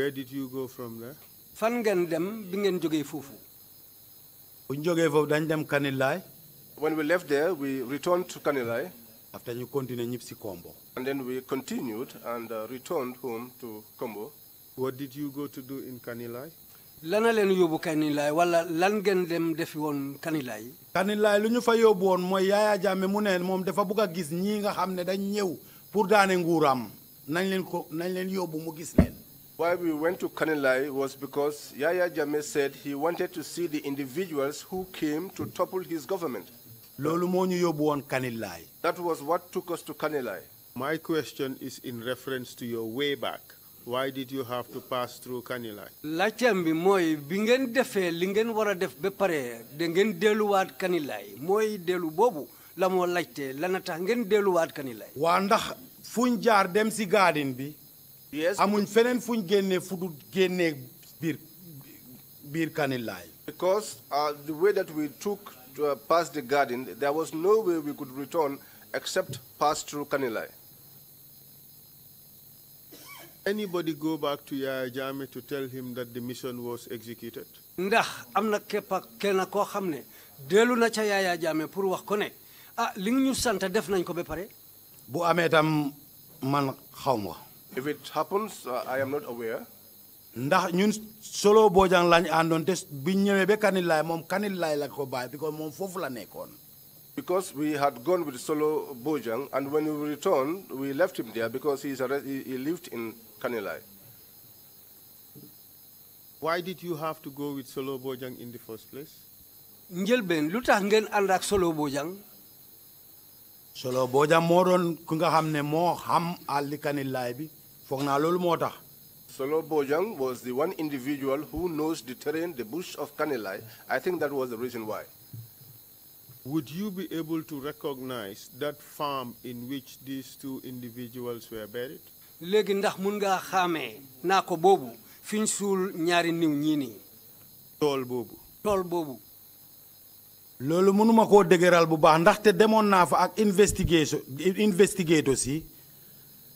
Where did you go from there? fan ngeen dem bi ngeen jógee foofu. bu dañ dem Kanilaay. when we left there we returned to Kanilai. after ñu continuer ñib si Combo. and then we continued and uh, returned home to Combo. what did you go to do in Kanilai? lana leen yóbbu Kanilaay wala lan ngeen dem defi woon Kanilaay. Kanilaay lu ñu fa yóbbu woon mooy Yaya Jammeh mu ne moom dafa bëgg a gis ñii nga xam ne dañ ñëw pour daane nguuram nañ leen ko nañ leen yóbbu mu gis leen why we went to Kanilai was because Yaya Jame said he wanted to see the individuals who came to topple his government. that was what took us to Kanilai. my question is in reference to your way back. why did you have to pass through Kanilai. laajteem bi moy bi ngeen defee li ngeen war a def ba pare da ngeen Kanilai mooy delu bobu la moo lana tax ngeen delluwaat Kanilai. waa ndax fuñ jaar dem si garden bi. Yes. amuñ feneen fuñ génnee fu du génnee biir biir kanilaay. because uh, the way that we took to, uh, past the garden there was no way we could return except pass through Kanilai. Anybody go back to Yaya Jame to tell him that the mission was executed? ndax am na képp ak kenn koo xam ne na ca Yaya Jame pour wax ko ne ah li ñu sant def nañ ko ba pare. bu amee tam man xaw if it happens, uh, I am not aware. ndax ñun solo Bojang lañ àndoon te biñ ñëwee ba Kanilaay moom Kanilaay la ko bàyyi because moom foofu la nekkoon. because we had gone with Solo Bojang, and when we returned, we left him there because he's arrest, he, he lived in Kanilai. Why did you have to go with Solo Bojang in the first place? Njelben, lutax ngeen and ak Solo Bojang? Solo Bojang mo doon ku nga xamne mo xam al Kanilai bi foog naa loolu Solo Bojang was the one individual who knows the terrain, the bush of Kanilai. I think that was the reason why. Would you be able to recognize that farm in which these two individuals were buried? léegi ndax mun ngaa xàmmee naa ko boobu fi ñu suul ñaari niw ñii nii. tool boobu. tool boobu. loolu mënuma koo dëgëral bu baax ndaxte demoon naa fa ak investigation investigate yi.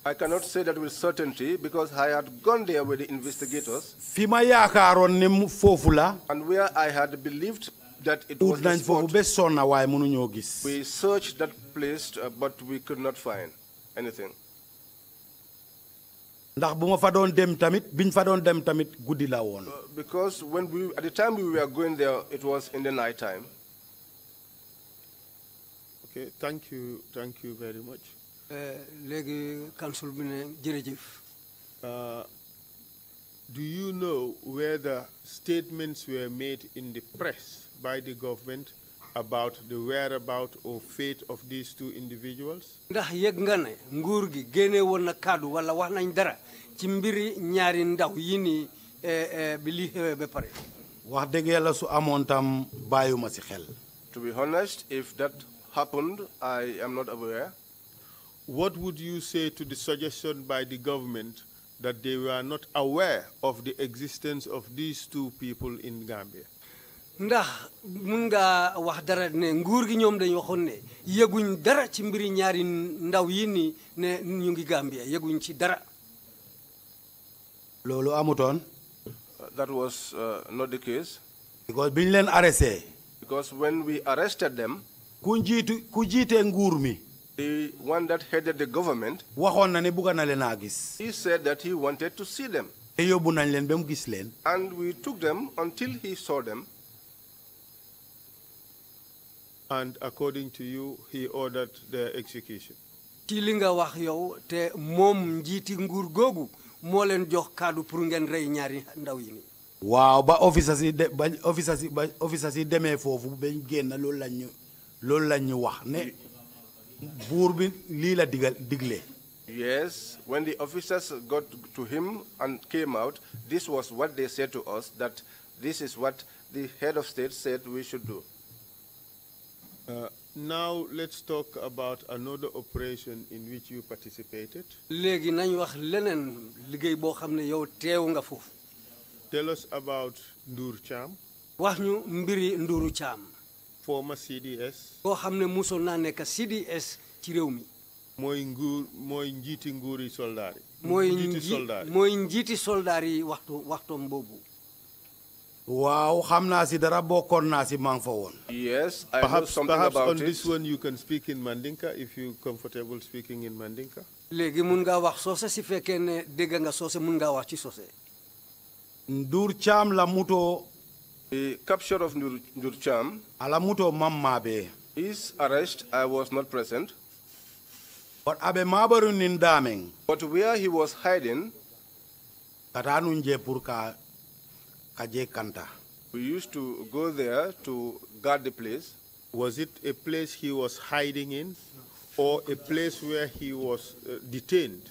I cannot say that with certainty because I had gone there with the investigators. Fima And where I had believed that it was nañ foofu We searched that place uh, but we could not find anything. ndax fa dem tamit biñ fa dem tamit la uh, because when we at the time we were going there it was in the night time. okay thank you thank you very much. Eh, uh, do you know where the statements were made in the press by the government about the whereabouts or fate of these two individuals? To be honest, if that happened, I am not aware what would you say to the suggestion by the government that they were not aware of the existence of these two people in Gambia? ndax mun nga wax dara ne nguur gi ñoom dañu waxoon ne yëguñ dara ci mbiri ñaari ndaw yi ni ne ñu ngi Gambia yëguñ ci dara loolu amutoon that was uh, not the case because biñ leen arrêté because when we arrested them ku jiitu ku jiitee nguur mi the one that headed the government, he said that he wanted to see them. And we took them until he saw them. And according to you, he ordered their execution. waaw ba officers yi ba officers yi officers yi demee foofu bañ génn loolu lañ ñu lañ wax ne digle. Yes, when the officers got to him and came out, this was what they said to us that this is what the head of state said we should do. Uh, now let's talk about another operation in which you participated. Tell us about Ndour Cham former CDS. koo xam ne musoon naa CDS ci réew mi. mooy nguur mooy njiiti nguuri soldaar yi. mooy mooy njiiti soldaar yi waxtu waxtoom boobu. waaw si dara bokkoon naa yes I know something about it perhaps on this one you can speak in Mandinka if you are comfortable speaking in Mandinka. Legi munga ngaa wax soose si fekkee ne dégg nga soose mun ngaa wax ci soose. Ndur cham la muto the capture of Nur, Cham. Alamuto Mamabe, His arrest, I was not present. But abe mabaru But where he was hiding. Katanunje purka kaje kanta. We used to go there to guard the place. Was it a place he was hiding in or a place where he was uh, detained?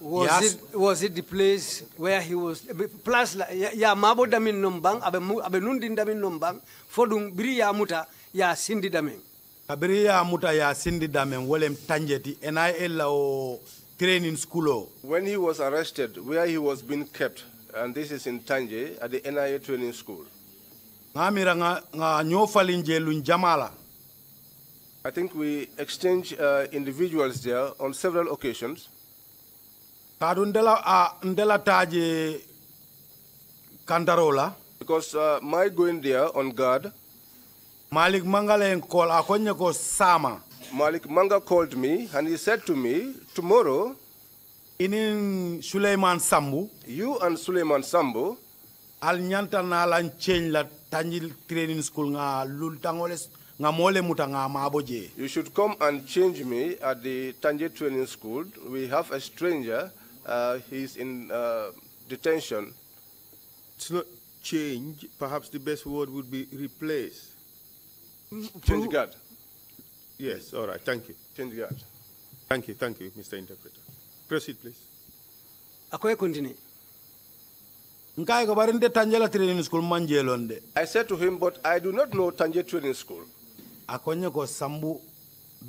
was it was it the place where he was plus ya mabo damin nombang abe abe nundin damin nombang fodum biri ya muta ya sindi damen kabiri ya muta ya sindi damen wolem tanjeti nil o training school when he was arrested where he was being kept and this is in tanje at the nia training school ngamira nga nga nyofalinje lun jamala I think we exchanged uh, individuals there on several occasions. Kadu ndela ndela taje Kandarola. Because uh, my going there on guard. Malik Mangale call akonye ko sama. Malik Manga called me and he said to me, tomorrow. Inin Suleiman Sambu. You and Suleiman Sambu. Al nyanta na lan change la tanjil training school nga lul tangoles you should come and change me at the Tanje Training School. We have a stranger uh, he's in uh, detention. It's not change. Perhaps the best word would be replace. Change guard. Yes, all right, thank you. Change guard. Thank you, thank you, Mr. Interpreter. Proceed, please. him, but I said to him, but I do not know Tanje Training School. Akonye ko sambu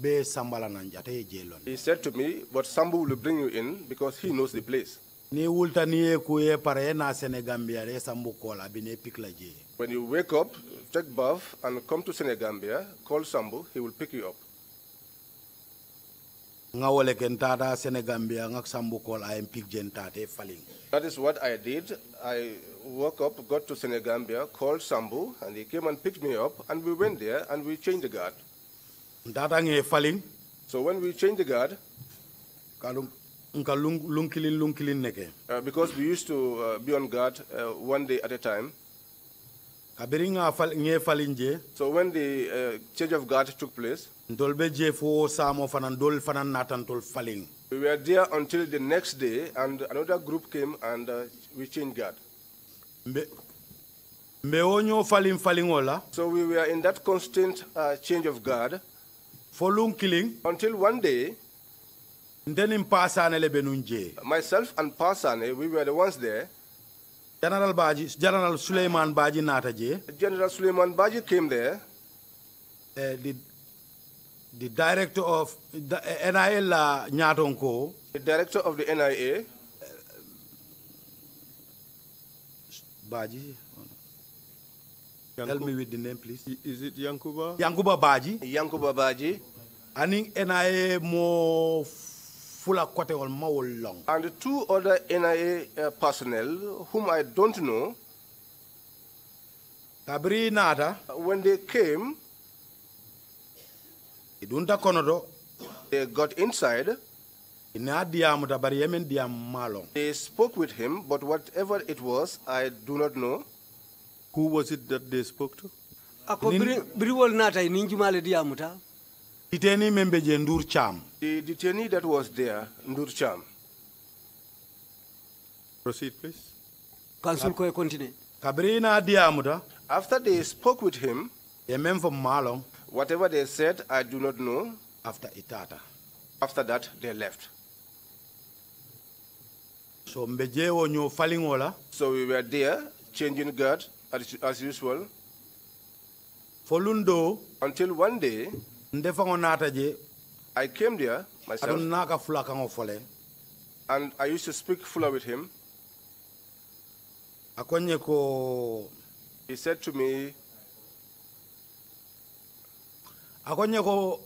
he said to me, but Sambu will bring you in because he knows the place. When you wake up, take bath and come to Senegambia, call Sambu, he will pick you up. That is what I did. I woke up, got to Senegambia, called Sambu, and he came and picked me up, and we went there and we changed the guard so when we change the guard uh, because we used to uh, be on guard uh, one day at a time so when the uh, change of guard took place we were there until the next day and another group came and uh, we changed guard so we were in that constant uh, change of guard Folun killing. Until one day. Ndenim pasane le benunje. Myself and Pasane, we were the ones there. General Baji, General Suleiman Baji Nataje. General Suleiman Baji came there. Uh, the, the director of the eh, NIA La Nyatonko. The director of the NIA. Uh, Baji. Yanku Help me with the name, please. Is it Yankuba? Yankuba Baji. Yankuba Baji. Aning NIA mo fula kote ol long. And the two other NIA uh, personnel whom I don't know. Tabri nada. When they came. Idunta konodo. They got inside. They spoke with him, but whatever it was, I do not know. Who was it that they spoke to? Ako Briwol Nata in Diamuta. Ndur Cham. The detainee that was there, Ndur Cham. Proceed, please. continue. Kabrina Diamuta. After they spoke with him, a man from Malong. Whatever they said, I do not know. After Itata. After that, they left. So we were there, changing guard, as, as usual folundo until one day ndefango nata je I came there myself adun naka fulakango fole and I used to speak Fula with him akonye ko he said to me akonye ko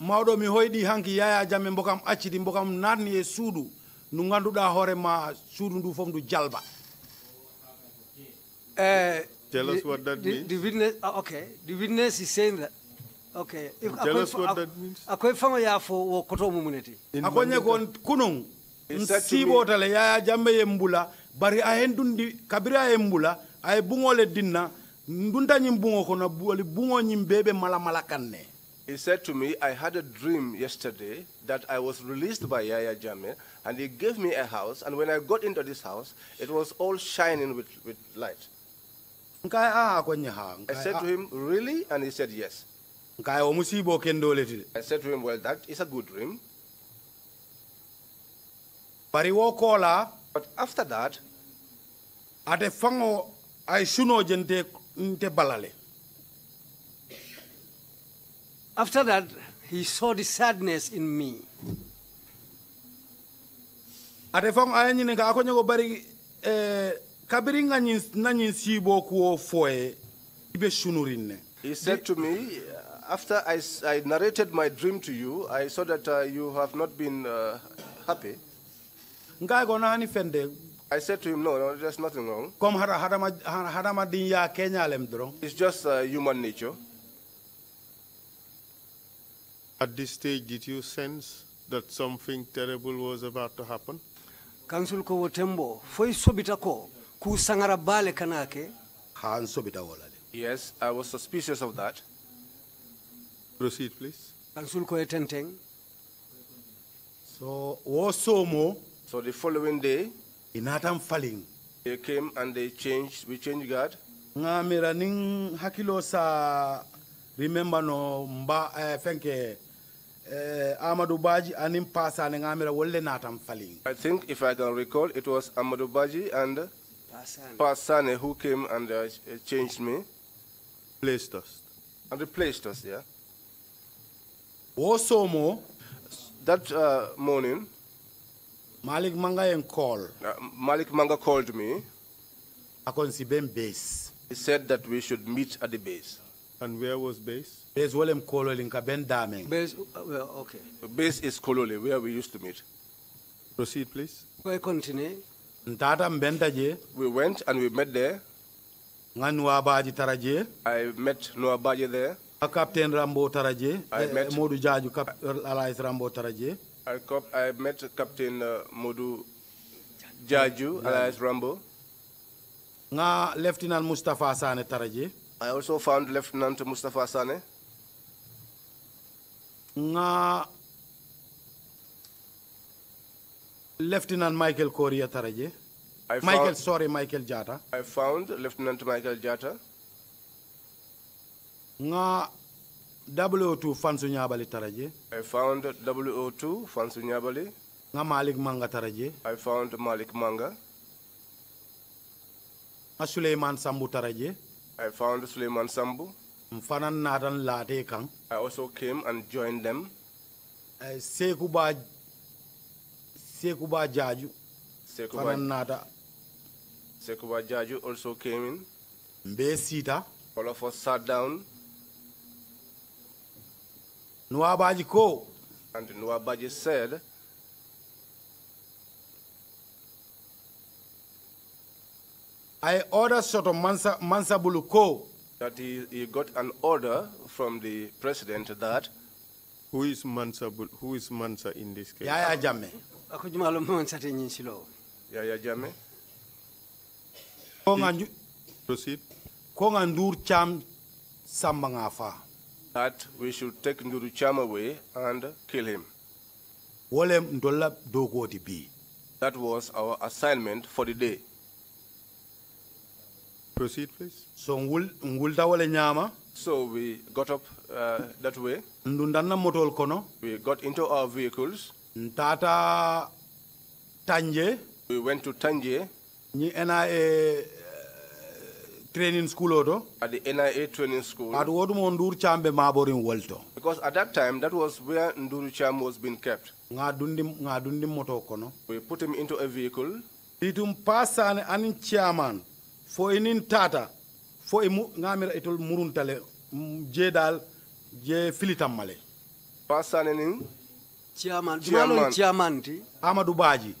mawɗo mi hoyɗi hanki yaya jamme mbokam accidi mbokam natni e suudu ndu ganduɗa hoorema suudu ndu foof ndu jalba uh, Tell the, what that the, means. The witness, uh, okay, the witness is saying that. Okay. If Tell us what that means. Akoy fanga ya fo wo koto mumuneti. Akonye kon kunung. Nsibo tale ya jambe yembula bari ahendundi kabira yembula ay bungole dinna ndunda nyimbungo kona buli bungo nyimbebe mala mala kanne. He said to me, I had a dream yesterday that I was released by Yaya Jame, and he gave me a house. And when I got into this house, it was all shining with, with light. I said to him, Really? And he said, Yes. I said to him, Well, that is a good dream. But after that, I fango ay suno jente nte balale. After that, he saw the sadness in me. Ate fango ay nyine ka ako bari eh, ibe he said to me after I, I narrated my dream to you i saw that uh, you have not been uh, happy nga fende I said to him, no, no, there's nothing wrong. It's just uh, human nature. At this stage, did you sense that something terrible was about to happen? Council ko foi sobita ko, kusangara bale kanake han sobita wolale yes i was suspicious of that proceed please kansul ko etenteng so wo somo so the following day inatam falling, they came and they changed we changed guard ngamira ning hakilo sa remember no mba uh, fenke eh, Amadou Baji and Impasa and Amira Wolle Natam falling. I think if I can recall, it was Amadou Baji and Pasane, who came and uh, uh, changed me, placed us. And replaced us, yeah? more. That uh, morning, Malik Manga called. Uh, Malik Manga called me. Ben base. He said that we should meet at the base. And where was base? Base Wolem Kololi in Kaben Daming. Base, uh, well, okay. Base is Kololi, where we used to meet. Proceed, please. Well, continue. We went and we met there. I met Noah Baji there. Captain Rambo Taraje, I eh, met Modu Jaju Allies Rambo Taraje. I, I met Captain uh, Modu Jaju Allies Rambo. Nga Lieutenant Mustafa Sane Taraje. I also found Lieutenant Mustafa Sane. Nga Lieutenant Michael Korea Taraje. I Michael, found, sorry, Michael Jata. I found Lieutenant Michael Jata. Nga 002 Fansu Nyabali Taraje. I found 002 Fansu Nyabali. Nga Malik Manga Taraje. I found Malik Manga. Nga Suleiman Sambu Taraje. I found Suleiman Sambu. Mfanan Nadan Late Kang. I also came and joined them. Eh, Sekuba Sekuba Jaju. Sekuba. Fanan Sekuba Jaju also came in. Mbe sita. All of us sat down. Nwabaji ko. And Nwabaji said, I ordered Soto Mansa, Mansa Buluko that he, he got an order from the president that who is Mansa who is Mansa in this case? Yaya Jame. Yaya Jame proceed. That we should take Nduru Cham away and kill him. Wolem Ndola Dogodi B. That was our assignment for the day. Proceed, please. So we got up uh, that way. We got into our vehicles. Ntata Tanje. We went to Tanje training school oto at the nia training school at wodumo ndur chambe maborin wolto because at that time that was where nduru cham was being kept nga dundim nga dundim moto kono we put him into a vehicle itum pasane anin chairman fo enin tata fo e ngamira etol muruntale je dal je filitam male pasane nin chairman chairman chairman ti amadou badji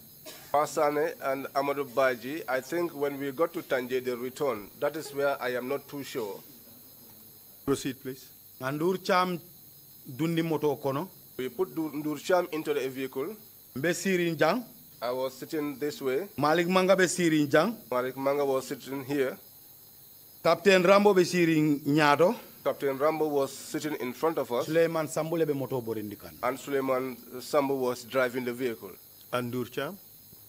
Asane and Amadou Baji, I think when we got to Tanje, they returned. That is where I am not too sure. Proceed, please. Andur Cham Dundi Moto We put Ndur Cham into the vehicle. Njang. I was sitting this way. Malik Manga Besiri Njang. Malik Manga was sitting here. Captain Rambo Besiri Nyado. Captain Rambo was sitting in front of us. Suleiman Sambule Moto And Suleiman Sambo was driving the vehicle. Andur Cham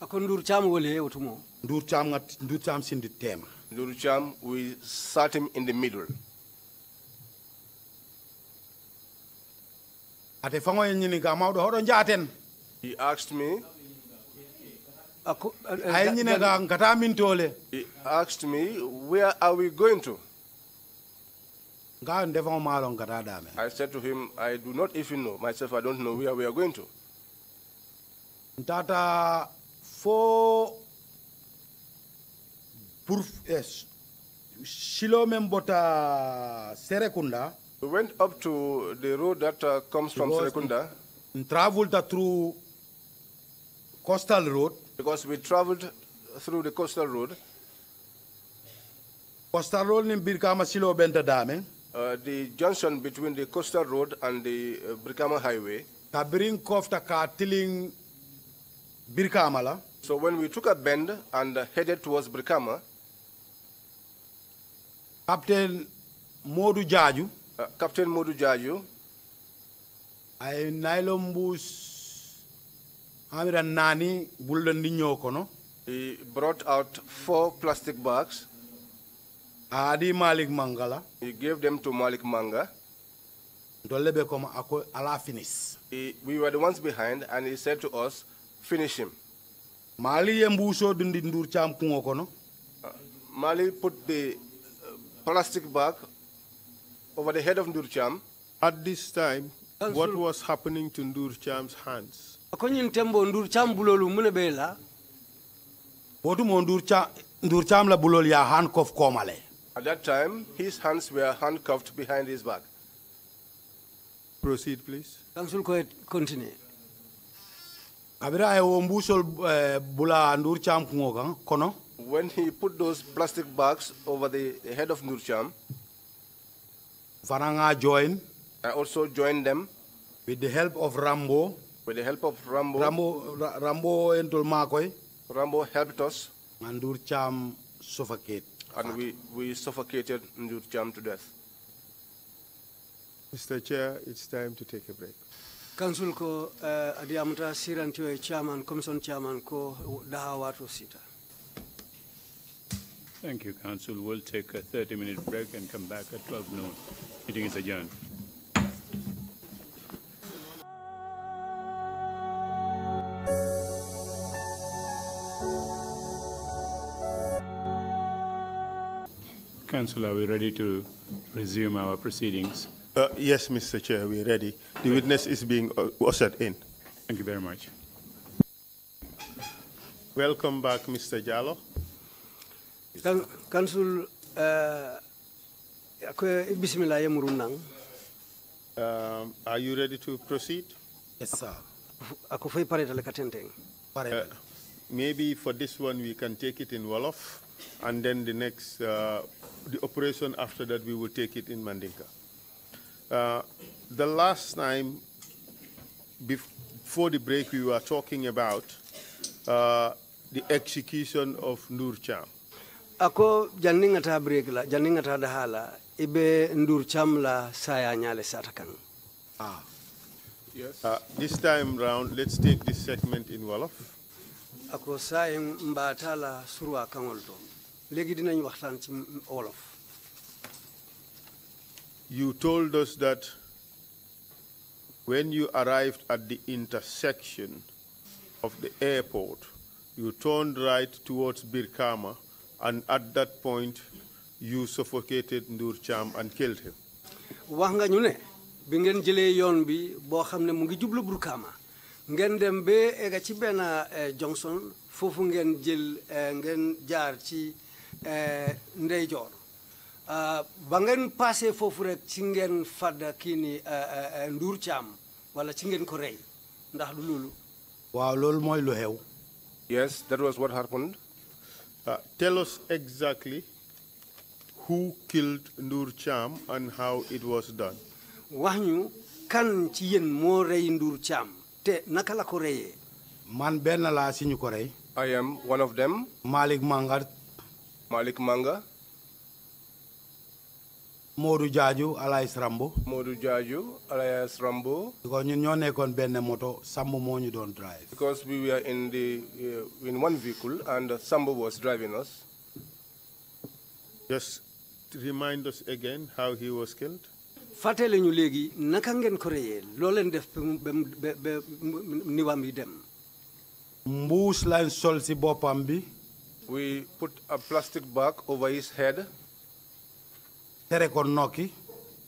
akon ndur cham wole otumo ndur cham ngat ndur cham sin di tema ndur cham we sat him in the middle ate fango nyini ga mawdo hodo jaten he asked me eh, eh, ay nyine ga ngata min tole he asked me where are we going to I said to him, I do not even know. Myself, I don't know where we are going to. Tata we went up to the road that uh, comes from Serekunda. Traveled through coastal road. Because we traveled through the coastal road. Coastal road in Birkama Silo benta dame. Uh, the junction between the coastal road and the uh, Birkama highway. Kabirin kofta ka tiling Birkama la. So when we took a bend and headed towards Brikama, Captain Modu Jaju, uh, Captain Modu Jaju, I nylon bus nani He brought out four plastic bags. Adi Malik Mangala. He gave them to Malik Manga. We were the ones behind, and he said to us, finish him mali ye mbuso dundi ndur cham kungo kono mali put the uh, plastic bag over the head of ndur cham at this time what was happening to ndur cham's hands akonyin tembo ndur cham bulolu mune bela bodu mo ndur cham ndur cham la bulol ya handcuff komale at that time his hands were handcuffed behind his back proceed please council continue kabira ay wo mbusol bula ndur cham kono when he put those plastic bags over the head of Cham, Varanga join i also joined them with the help of rambo with the help of rambo rambo rambo entol makoy rambo helped us and Cham suffocate and we we suffocated Cham to death mr chair it's time to take a break council ko uh, eh, e chairman commission chairman ko daha watu sita Thank you, Council. We'll take a 30-minute break and come back at 12 noon. Meeting is adjourned. Council, are we ready to resume our proceedings? Uh, yes, Mr. Chair, we're ready. The witness is being uh, ushered in. Thank you very much. Welcome back, Mr. Jallo. Council, uh, eh, Bismillah uh, Are you ready to proceed? Yes, sir. Uh, maybe for this one we can take it in Wolof, and then the next, uh, the operation after that we will take it in Mandinka. Uh, the last time before the break, we were talking about uh, the execution of Nurcham. Ako janingata break la, janingata dahala, ibe Nurcham la saya nyale satakan. Ah, yes. Uh, this time round, let's take this segment in Wolof. Ako saya mbatala surwa kangolto. Legi dinañ waxtaan ci Wolof. You told us that when you arrived at the intersection of the airport, you turned right towards Birkama, and at that point, you suffocated Ndur Cham and killed him. bi jublu ci eh, Johnson eh, ci eh, Euh, ba ngeen passé foofu rek ci ngeen fàdd kii ni euh, euh, Ndour Thiam wala ci ngeen ko rey ndax du loolu. waaw loolu mooy lu xew. yes that was what happened. Uh, tell us exactly who killed Ndour Thiam and how it was done. wax ñu kan ci yéen moo rey Ndour Thiam te naka la ko reyee. man benn laa si ñu ko rey. I am one of Modou Diadio alias Rambo. Modou Diadio alias Rambo. because ñun ñoo nekkoon benn moto Sambu moo ñu doon drive. because we were in the uh, in one vehicle and Sambu was driving us. just remind us again how he was killed. fàttali ñu léegi naka ngeen ko reyee loo leen def ba yi dem. mbuus lañ sol si boppam bi. we put a plastic bag over his head tere ko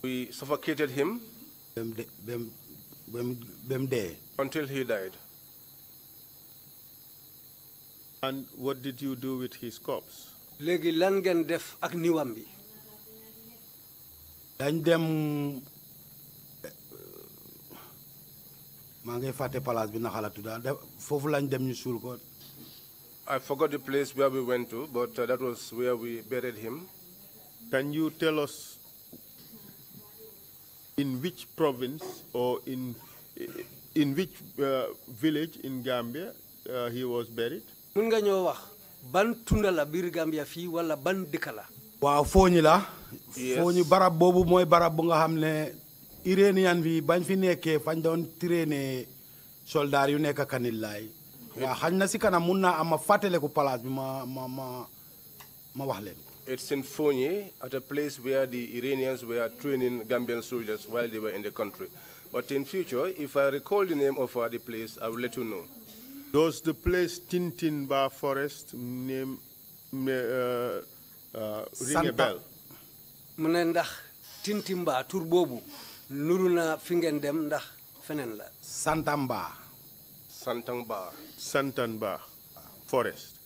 we suffocated him until he died and what did you do with his corpse lan ngeen def ak niwam bi dañ dem place bi lañ dem ñu ko I forgot the place where we went to but uh, that was where we buried him Can you tell us in which province or uh, uh, mun nga ñoo wax ban tunda la biir Gambia fii wala ban dëkk la. waaw fooñi la. fooñi barab boobu mooy barab bu nga xam ne Iranian bi bañ fi nekkee fañ doon traîner soldaar yu nekk Kanilaay. waaw xañ na si kanam mun naa am ma fàttaliku place bi ma ma ma ma wax leen. It's in Fonye, at a place where the Iranians were training Gambian soldiers while they were in the country. But in future, if I recall the name of the place, I will let you know. Does the place Tintinba Forest name uh, uh, ring a bell? mu ne ndax Tintimba tur boobu Santamba. Santamba. Santamba Forest.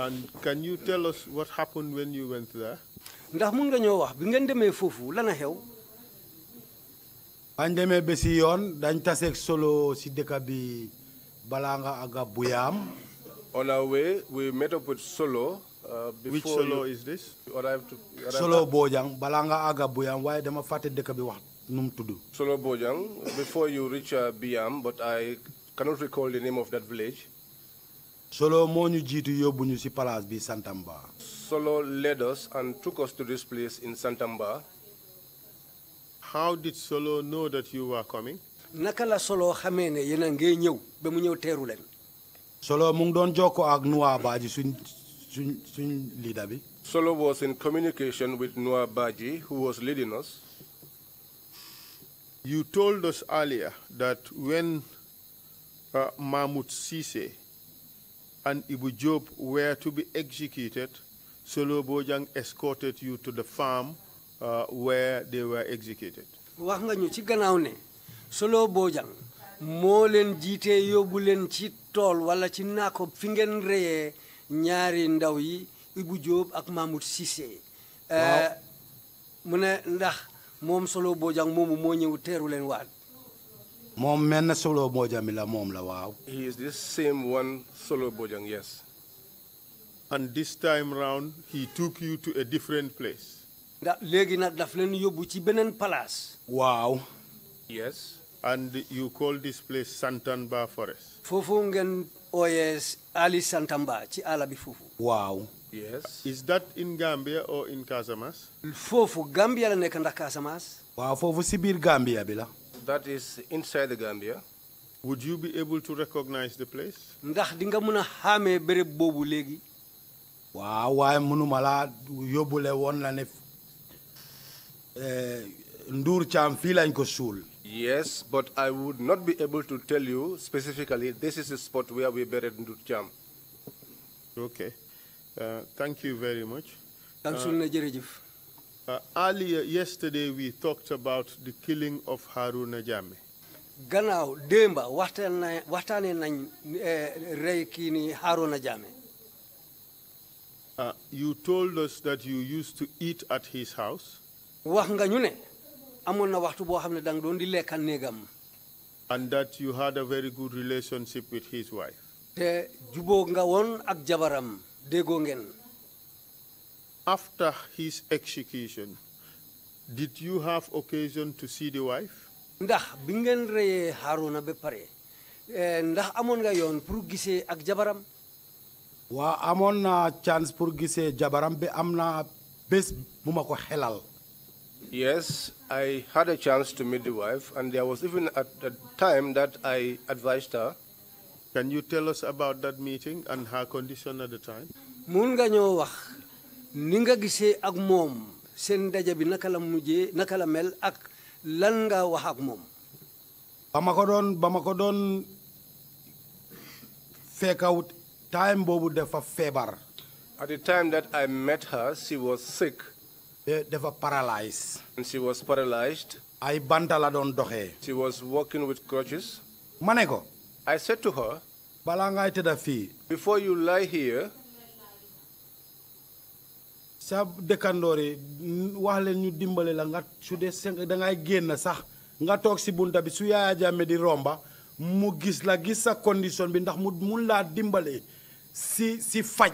And can you tell us what happened when you went there? ndax nga ñoo wax bi ngeen demee foofu xew. bañ demee ba si yoon dañ taseeg solo si bi balaa nga aga buyaam. on our way we met up with solo. Uh, which solo is this. solo Bojang balaa nga aga buyaam waaye dama fàtte dëkk bi wax tudd. solo Bojang before you reach uh, Biam but I cannot recall the name of that village. Solo moñu jitu yobbuñu ci place bi Santamba. Solo led us and took us to this place in Santamba. How did Solo know that you were coming? Naka la Solo xamé né yena ngey ñew ba mu ñew téru len. Solo mu ngi doon joko ak Noa Baji suñ suñ suñ leader bi. Solo was in communication with Noa Baji who was leading us. You told us earlier that when uh, Mahmoud Sise and Ibu Job were to be executed, Solo Bojang escorted you to the farm uh, where they were executed. wax nga ñu Solo Bojang moo leen jiite yóbbu leen ci tool wala ci naako fi ngeen Ibu Job ak Mahmoud Cissé. Uh, mu ne Solo Bojang moomu moo ñëw teeru solo Bojang mi la la he is this same one solo Bojang yes. and this time round he took you to a different place. nga léegi nag daf leen yóbbu ci Benen palaas. Wow. yes. and you call this place Santamba Forest. foofu ngeen ooyee Ali Santanba, ci àll bi foofu. yes. is that in Gambia or in Casamance. Fufu, Gambia la nekk ndax Casamance. Wow, foofu si bir Gambia bi la. That is inside the Gambia. Would you be able to recognize the place? ndax di nga mën a xàmmee béréb boobu léegi. waaw waaye mënuma laa yóbbule woon ne eh, lañ ko Yes, but I would not be able to tell you specifically this is the spot where we buried ndur Thiam. Okay. Uh, thank you very much. Thanks, uh, suul na jërëjëf. Uh, earlier yesterday we talked about the killing of Haruna Jame. Gannaaw démba waxtaanee nañ eh, rey kii nii Haruna uh, you told us that you used to eat at his house. wax amona watu ne amoon na waxtu boo xam and that you had a very good relationship with his wife. te juboo nga woon ak jabaram déggoo after his execution, did you have occasion to see the wife? ndax bi ngeen reyee Haruna ba pare eh, ndax amoon nga yoon pour gisee ak jabaram. waa amoon naa chance pour gisee jabaram bi am naa bés bu ma ko xelal. Yes, I had a chance to meet the wife, and there was even at the time that I advised her. Can you tell us about that meeting and her condition at the time? mun nga ñoo wax ni gisé gisee ak moom seen ndaje bi naka la mujjee naka la mel ak lan nga wax ak moom. ba ma ko doon ba ma ko doon fekkawut time boobu dafa feebar. At the time that I met her, she was sick. Eh, dafa paralyzed. And she was paralyzed. ay banta la doon doxee. she was walking with crutches. ma I said to her. balaa ngay tëdda fii. before you lie here. ca dëkkandoor yi wax ñu dimbale la nga su dee sënk dangay génn sax nga toog si bunta bi su Yaya Jammeh di romba mu gis la gis sa condition bi ndax mu mun laa dimbale si si faj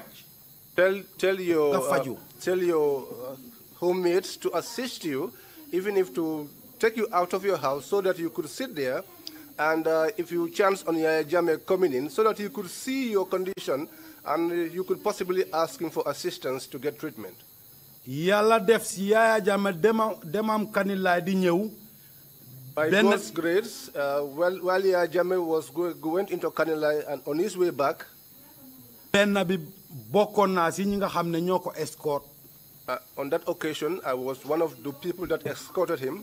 tell tell nga faju uh, tell your uh, homemates to assist you even if to take you out of your house so that you could sit there and uh, if you chance on Yaya Jammeh coming so that you could see your condition and uh, you could possibly ask him for assistance to get treatment. Yalla def si demam kanila di ñew. By ben, God's grace, uh, while, while Yaya was going went into Kanilai and on his way back, ben bi bokon na si xamne ñoko escort. Uh, on that occasion, I was one of the people that escorted him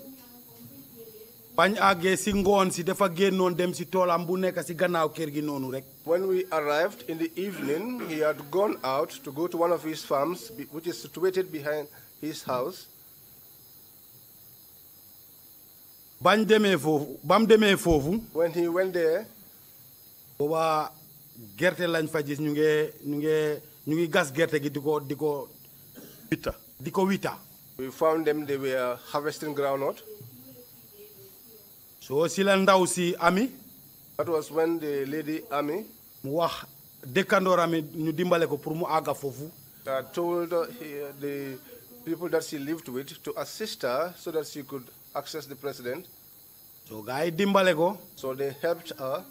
bañ àggee si ngoon si dafa génnoon dem si toolam bu nekk si gannaaw kër gi noonu rek. When we arrived in the evening he had gone out to go to one of his farms which is situated behind his house. bañ demee foofu bam demee foofu. When he went there. booba gerte lañ fa gis ñu ngi ñu ngi ñu ngi gas gerte gi di ko di ko. witta di ko witta. We found them they were harvesting groundnut. So, si la ndaw si ami that was when the lady ami mu wax dëkkandooram ñu dimbale ko pour mu àgga uh, told uh, uh, the people that she lived with to assist her so that she could access the president so gars ndimba dimbale ko so they helped her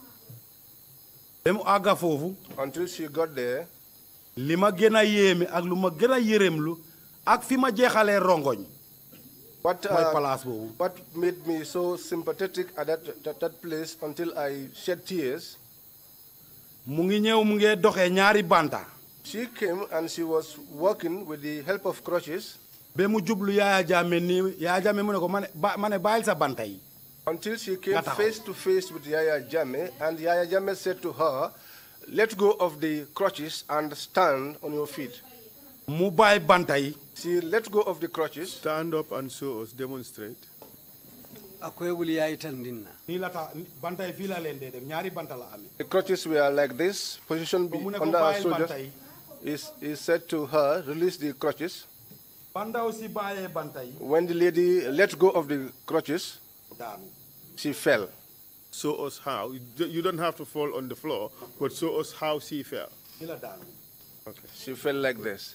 ba aga àgga until she got there li ma gën ak lu yërëm lu ak rongoñ what, uh, what made me so sympathetic at that, that, that place until I shed tears? She came and she was working with the help of crutches. Until she came face to face with Yaya Jame, and Yaya Jame said to her, Let go of the crutches and stand on your feet. Mubai Bantai. She let go of the crutches. Stand up and show us, demonstrate. The crutches were like this, Position under our soldiers. Is, is said to her, release the crutches. When the lady let go of the crutches, she fell. Show us how. You don't have to fall on the floor, but show us how she fell. Okay. She fell like this.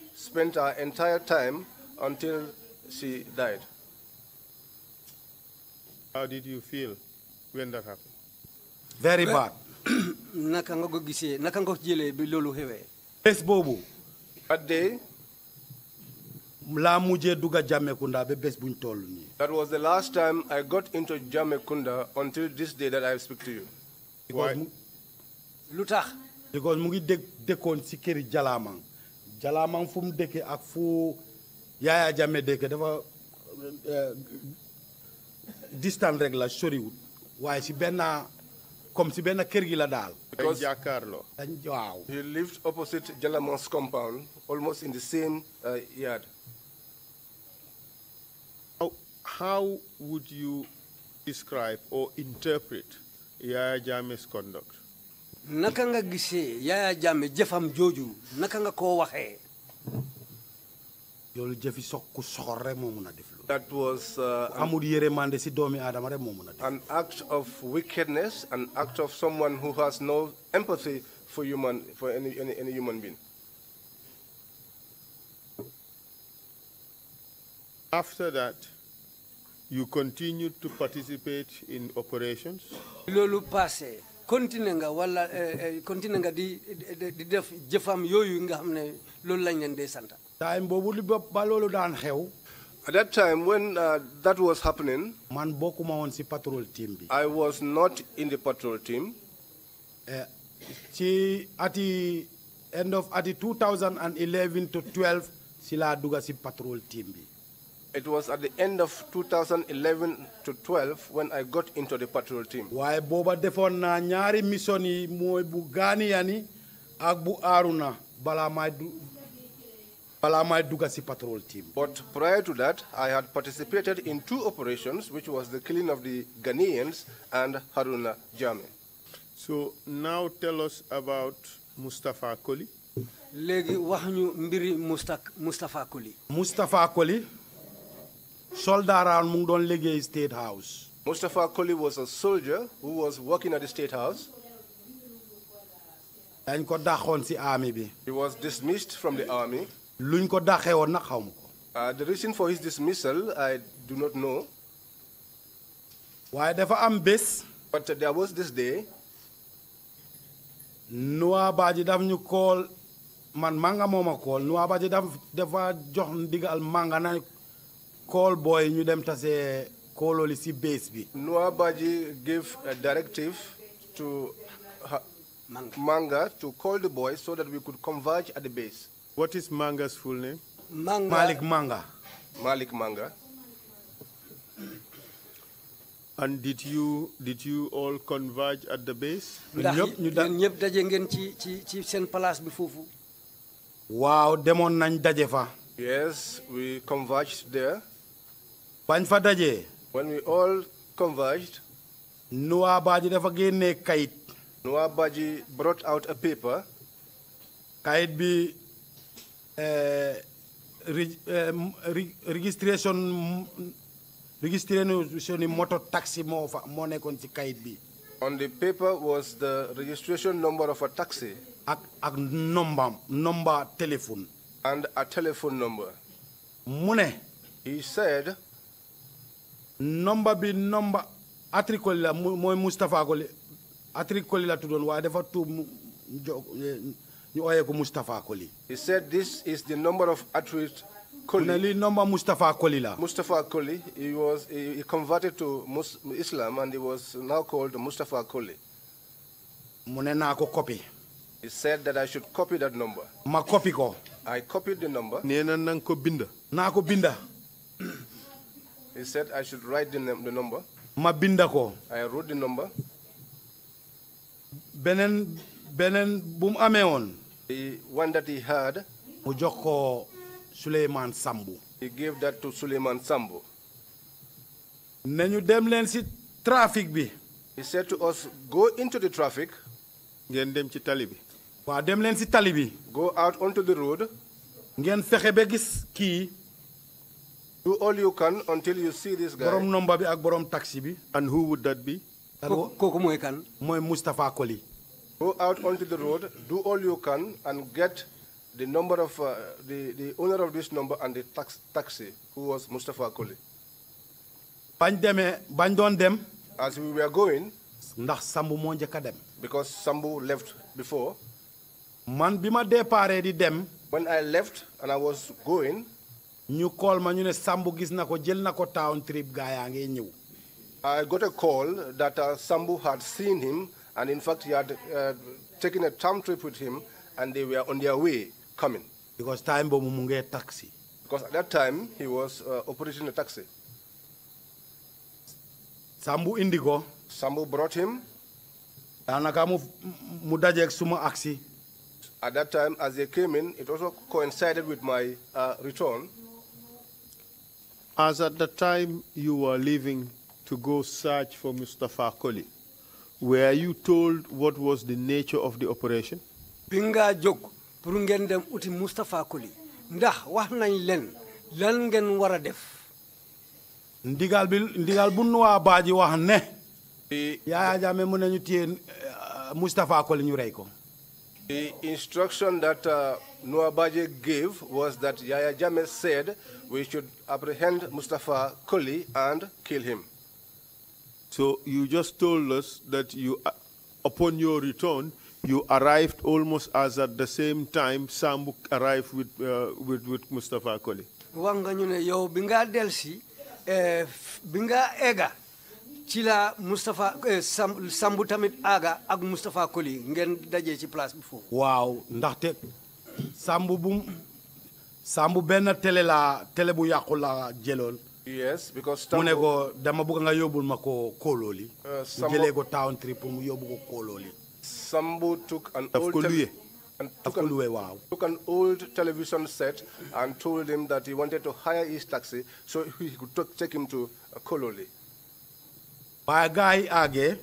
spent her entire time until she died. How did you feel when that happened? Very bad. naka nga ko gisee naka nga ko jëlee bi that day. laa mujjee dugg Jammekunda ba bés buñ toll nii. that was the last time I got into Jammekunda until this day that I speak to you. why lu tax. because mu ngi dëkkoon si këri Jalaamang. Jalaaman fu mu dëkk ak fu Yaya Jammeh dëkk dafa eh, distance rek la soriwul waaye si benn comme si benn kër gi la daal. dañ jàkkaarloo. dañ waaw. he lived opposite Jalaman's compound almost in the same uh, yard. How would you describe or interpret Yaya Jammeh's conduct? nakanga gise gisee Yaya Jammeh jëfam joju nakanga nga koo waxee. jëfi soog ku soxor rek def loolu. that was. Uh, amul yërmande si domi aadama rek moo mun def. an act of wickedness an act of someone who has no empathy for human for any any any human being. After that, you continued to participate in operations? continuer nga wala eh, eh, continuer nga di di def jëfam yooyu nga xam ne loolu lañ leen dee sant. time boobu li bopp ba loolu daan xew. At that time, when uh, that was happening, man bokkuma woon ci patrol team bi. I was not in the patrol team. Uh, ci at the end of at the ci la duga ci patrol team bi. It was at the end of 2011 to 12 when I got into the patrol team. Why, Boba, defoon naa ñaari mission yi mooy bu gaaniyani ak bu aaruna balaa maay du balaa maay dugga si patrol team. But prior to that, I had participated in two operations, which was the killing of the Ghanaians and Haruna Jammeh. So now tell us about Mustafa Koli. Legi wax ñu mbiri Mustafa Koli. Mustafa Koli soldier mu ngi doon liggéey State House. Mustapha Colley was a soldier who was working at the State House. dañ ko dàqoon ci army bi. he was dismissed from the army. luñ ko dàqee woon nag xamu uh, the reason for his dismissal I do not know. waaye dafa am bés. but there was this day. Noah Badji daf ñu call man manga mooma call Noah Badji daf dafa jox ndigal manga na call boy ñu dem tasee koololi si base bi. Noa Baji give a directive to Manga to call the boy so that we could converge at the base. What is Manga's full name? Manga. Malik Manga. Malik Manga. And did you did you all converge at the base? ñëpp ñu da daje ngeen ci ci ci seen place bi foofu. waaw demoon nañ daje fa. Yes, we converged there when we all converged. Noah Baji brought out a paper. kayit bi eh, eh, registration registration ni taxi moo fa moo nekkoon ci kayit bi. On the paper was the registration number of a taxi. ak ak number téléphone. and a telephone number. Money. He said nomba bi nomba atricoli la mooy Moustapha Koli atricoli la tuddoon waaye dafa tuub mu ñu ooyee ko Moustapha Koli. he said this is the number of atric Koli. ne lii nomba Moustapha Koli la. Mustafa Koli he was he converted to Islam and he was now called Mustafa Koli. mu ne naa copy. he said that I should copy that number. ma copy ko. I copied the number. nee na ko binda. naa ko binda. He said I should write the, the number. ma bindako. I wrote the number. Benen, benen, bum ameon. the one that he had. Mujoko Suleiman Sambu. he gave that to Suleiman Sambu. nañu dem leen ci bi. he said to us go into the traffic. ngeen dem ci tali bi. dem leen ci tali bi. go out onto the road. ngeen fexe ba gis do all you can until you see this guy. Borom number bi ak borom taxi bi. And who would that be? Koku moy kan? Moy Mustafa Koli. Go out onto the road, do all you can, and get the number of uh, the the owner of this number and the tax, taxi who was Mustafa Koli. Bañ demé bañ doon dem. As we were going. Ndax Sambu moo njëkk dem. Because Sambu left before. Man bima déparé di dem. When I left and I was going ñu call ma ñu ne Sambu gis na ko jël na ko town trip gaa yaa ngi ñëw. I got a call that uh, Sambu had seen him and in fact he had uh, taken a town trip with him and they were on their way coming. Because time boobu mu ngee taxi. Because at that time he was uh, operating a taxi. Sambu indi ko. Sambu brought him. daanaka mu mu dajeeg suma agsi. At that time as they came in it also coincided with my uh, return. As at the time you were leaving to go search for Mustafa Koli, were you told what was the nature of the operation? Binga jog pour ngeen dem uti Mustafa Koli ndax wax nañ len lan ngeen wara def. Ndigal bi ndigal bu nuwa baaji wax ne. Eh, Yaaya Jammeh mën nañu téye eh, Mustafa Koli ñu rey ko. The instruction that uh, Nuabaje gave was that Yaya Jammeh said we should apprehend Mustafa Koli and kill him. So you just told us that you, uh, upon your return, you arrived almost as at the same time Sambuk arrived with, uh, with, with Mustafa Koli. Wanga nyune yo binga delsi, eh, binga ega ci la Moustapha eh, Sambu tamit aaga ak Moustapha Koli ngeen dajee ci place bi foofu. waaw ndaxte Sambu bu Sambu benn télé la télé bu yàqu la jëloon. yes because mu ne ko dama bëgg nga yóbbul ma ko Kololi. Eh, mu jëlee ko town trip pour mu yóbbu ko Kololi. Sambu took an old. ko luye daf ko took an old television set and told him that he wanted to hire his taxi so he could take him to Kololi ba age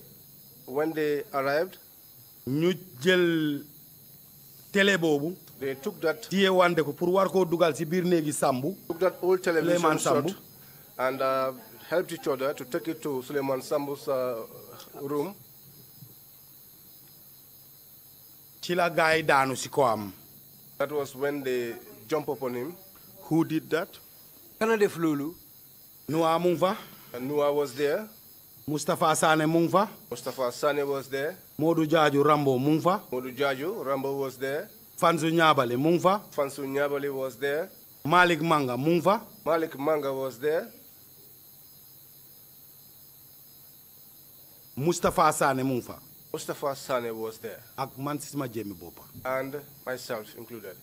when they arrived. ñu jël télé they took that. téye wante ko pour war koo dugal ci néegi Sambu. took that old television shot and uh, helped each other to take it to Suleiman Sambu's uh, room. ci la gaa daanu ko am. that was when they jump upon him. who did that? kana def loolu. Noa mu fa. was there. Mustafa Sane Mungfa. Mustafa Sane was there. Modu Jaju Rambo Mungfa. Modu Jaju Rambo was there. Fansu Nyabale Mungfa. Fansu Nyabale was there. Malik Manga Mungfa. Malik Manga was there. Mustafa Sane Mungfa. Mustafa Sane was there. Ak Mansisma Jemi Bopa. And myself included.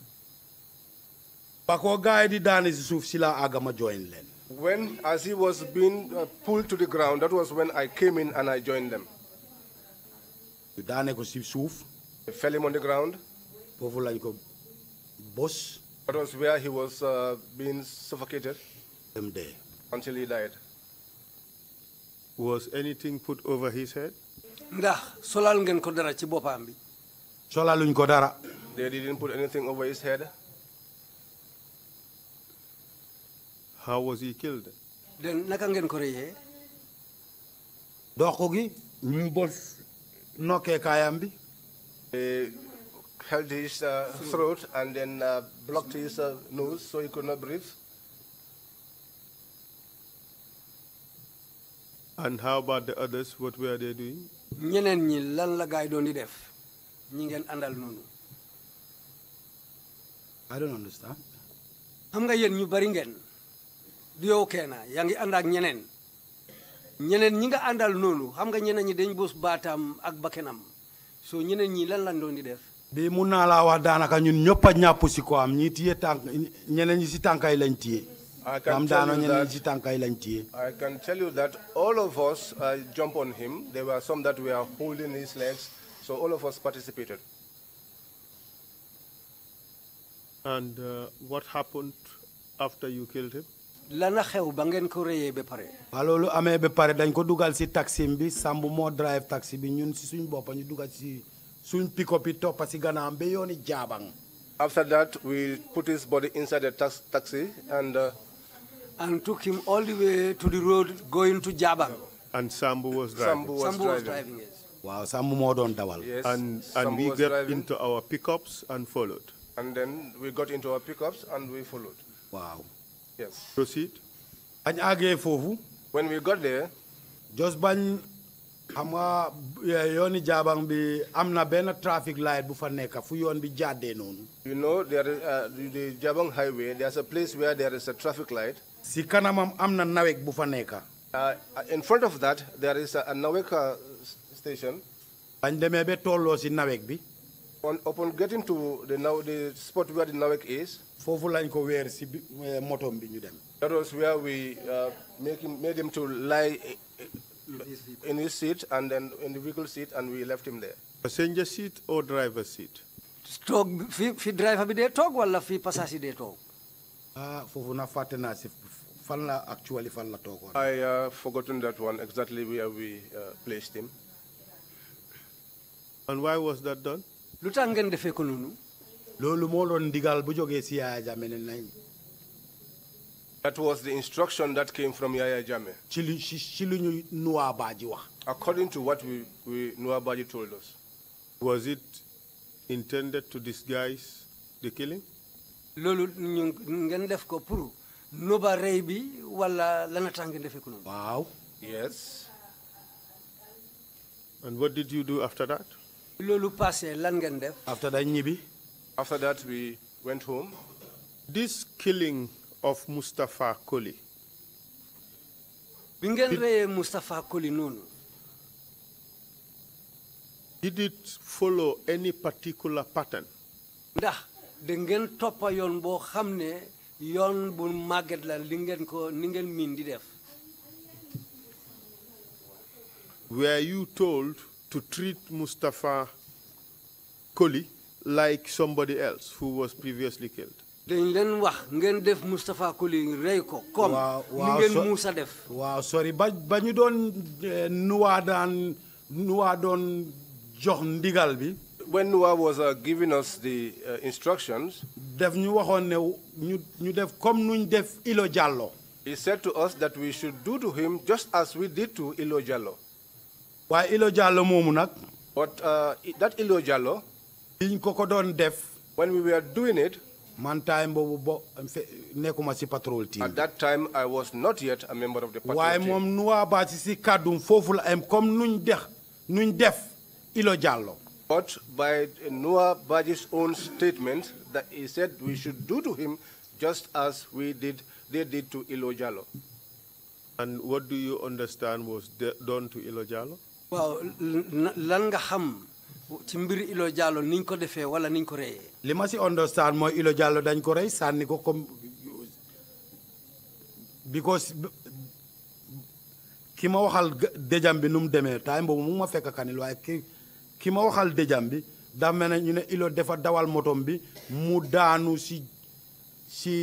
Bako gaay di daane si suuf si laa when, as he was being uh, pulled to the ground, that was when I came in and I joined them. The daane ko si fell him on the ground. foofu lañ ko bos. That was where he was uh, being suffocated. Them Until he died. Was anything put over his head? ndax solal ngeen ko dara ci boppam bi. solaluñ ko dara. They didn't put anything over his head. How was he killed? Then Nakangen kore ye. reyé? Doxu gi ñu noké kayam bi. Held his uh, throat and then uh, blocked his uh, nose so he could not breathe. And how about the others? What were they doing? ñeneen ñi lan la gaay doon di def ñi ngeen àndal noonu. I don't understand. xam nga yéen ñu bari ngeen. du yow keena yaa ngi ànd ak ñeneen ñeneen ñi nga andal nonu xam nga ñeneen ñi dañ bës batam ak bakenam so ñeneen ñi lan lan doon di def bi mu na la wax danaka ñun ñoppa ñap ci si ko am ñi tiye tank ñeneen ñi ci tankay lañ tiye am daano ñeneen ñi si lañ tiye I can tell you that all of us uh, jump on him there were some that we are holding his legs so all of us participated and uh, what happened after you killed him lana xew ba ngeen ko réyee ba pare. waaw loolu amee ba pare dañ ko dugal si taxi bi Samb moo drive taxi bi ñun si suñ bopp ñu dugal si suñ pick-up yi toppa si gannaam ba yooni jaabang. after that we put his body inside the tax taxi and. Uh, and took him all the way to the road going to Jabang. And Sambu was driving. Sambu was, Sambu driving. was driving. yes. Wow, Sambu more than Dawal. Yes, and and we got driving. into our pickups and followed. And then we got into our pickups and we followed. Wow. Yes. Proceed. When we got there. just bañ xam nga eh, yooni bi am na traffic light bu fa nekk fu yoon bi jàddee noonu. you know there is uh, the Jabang highway there is a place where there is a traffic light. si kanamam am nawek bu fa nekk. Uh, uh, in front of that there is a nawek station. bañ demee ba tolloo si nawek bi. On, upon getting to the, now, the spot where the Nawek is, eh, that was where we uh, make him, made him to lie in his seat and then in the vehicle seat, and we left him there. Passenger seat or driver seat? toog fi fi driver bi dee toog wala fi passage dee toog. ah foofu actually fan la I have uh, forgotten that one exactly where we uh, placed him. and why was that done? ngeen ko bu Yaya nañ That was the instruction that came from Yaya Jammeh. ci ci wax. According to what we, we Nuwabaji told us. Was it intended to disguise the killing? loolu ngeen def ko pour bi wala lana ko Yes. And what did you do after that? after that after that we went home. this killing of Mustafa Koli. Koli did it follow any particular pattern. da la ko def. were you told to treat Mustafa Koli like somebody else who was previously killed. dañ leen wax ngeen def rey ko comme ni ngeen Moussa def waaw sori ba ba ñu doon eh, daan doon jox ndigal bi when Nuwa was uh, giving us the uh, instructions def ñu waxoon ne ñu ñu def comme nuñ def Ilo he said to us that we should do to him just as we did to Ilo Jallo waaye Ilo Diallo moomu nag. but uh, that Ilo Diallo. biñ ko ko doon def. when we were doing it. man time boobu bo nekkuma si patrol team. at that time I was not yet a member of the patrol team. waaye moom Noah Bassey si kàddum foofu la am comme nuñ dex nuñ def Ilo Diallo. But by Noah Baji's own statement, that he said we should do to him just as we did, they did to Ilo Jalo. And what do you understand was done to Ilo Jalo? waaw lan nga xam ci mbir Ilo Diallo niñ ko defee wala niñ ko reyee. li ma si understand mooy Ilo Diallo dañ ko rey sànni ko comme because ki ma waxal dëjam bi nu mu demee taay boobu mu ma fekk kanil waaye ki ki ma waxal dëjam bi dafa mel ne ñu ne Ilo dafa dawal motom bi mu daanu si si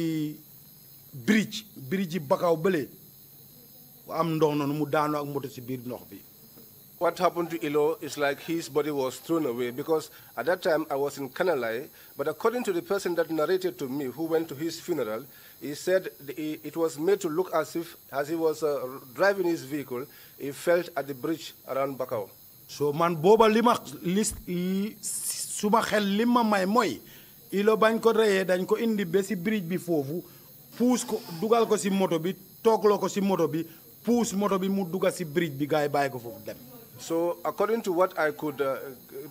bridge bridge yi bakaw bële am ndox noonu mu daanu ak moto si biir ndox bi. what happened to Ilo is like his body was thrown away because at that time I was in Kanalai, but according to the person that narrated to me who went to his funeral, he said it was made to look as if, as he was uh, driving his vehicle, he felt at the bridge around Bakau. So man boba lima list suma lima may moi. ilo bañ ko reyé dañ ko indi be bridge before fofu pousse ko dugal ko ci moto motobi, toklo bridge bi gaay bay ko so according to what I could uh,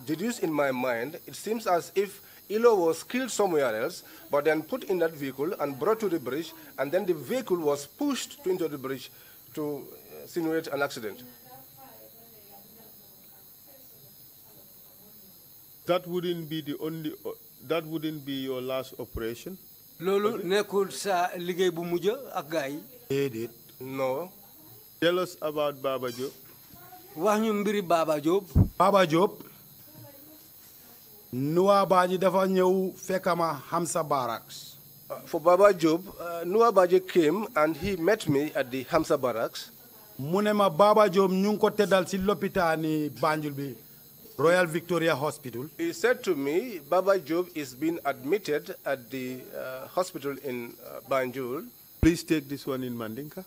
deduce in my mind, it seems as if Ilo was killed somewhere else, but then put in that vehicle and brought to the bridge, and then the vehicle was pushed into the bridge to uh, simulate an accident. That wouldn't be the only, uh, that wouldn't be your last operation? Lolo, nekul sa ligay bu mujj ak gaay? No. Tell us about Baba Joe wax ñu mbiri Baba Job. Baba Diop. Noah Badji dafa ñëw fekkama Hamsa Barracks. Uh, for Baba Job, uh, Noah came and he met me at the Hamsa Barracks. Munema Baba Job ñungo teddal ci ni Banjul bi Royal Victoria Hospital. He said to me, Baba Job is being admitted at the uh, hospital in uh, Banjul. Please take this one in Mandinka.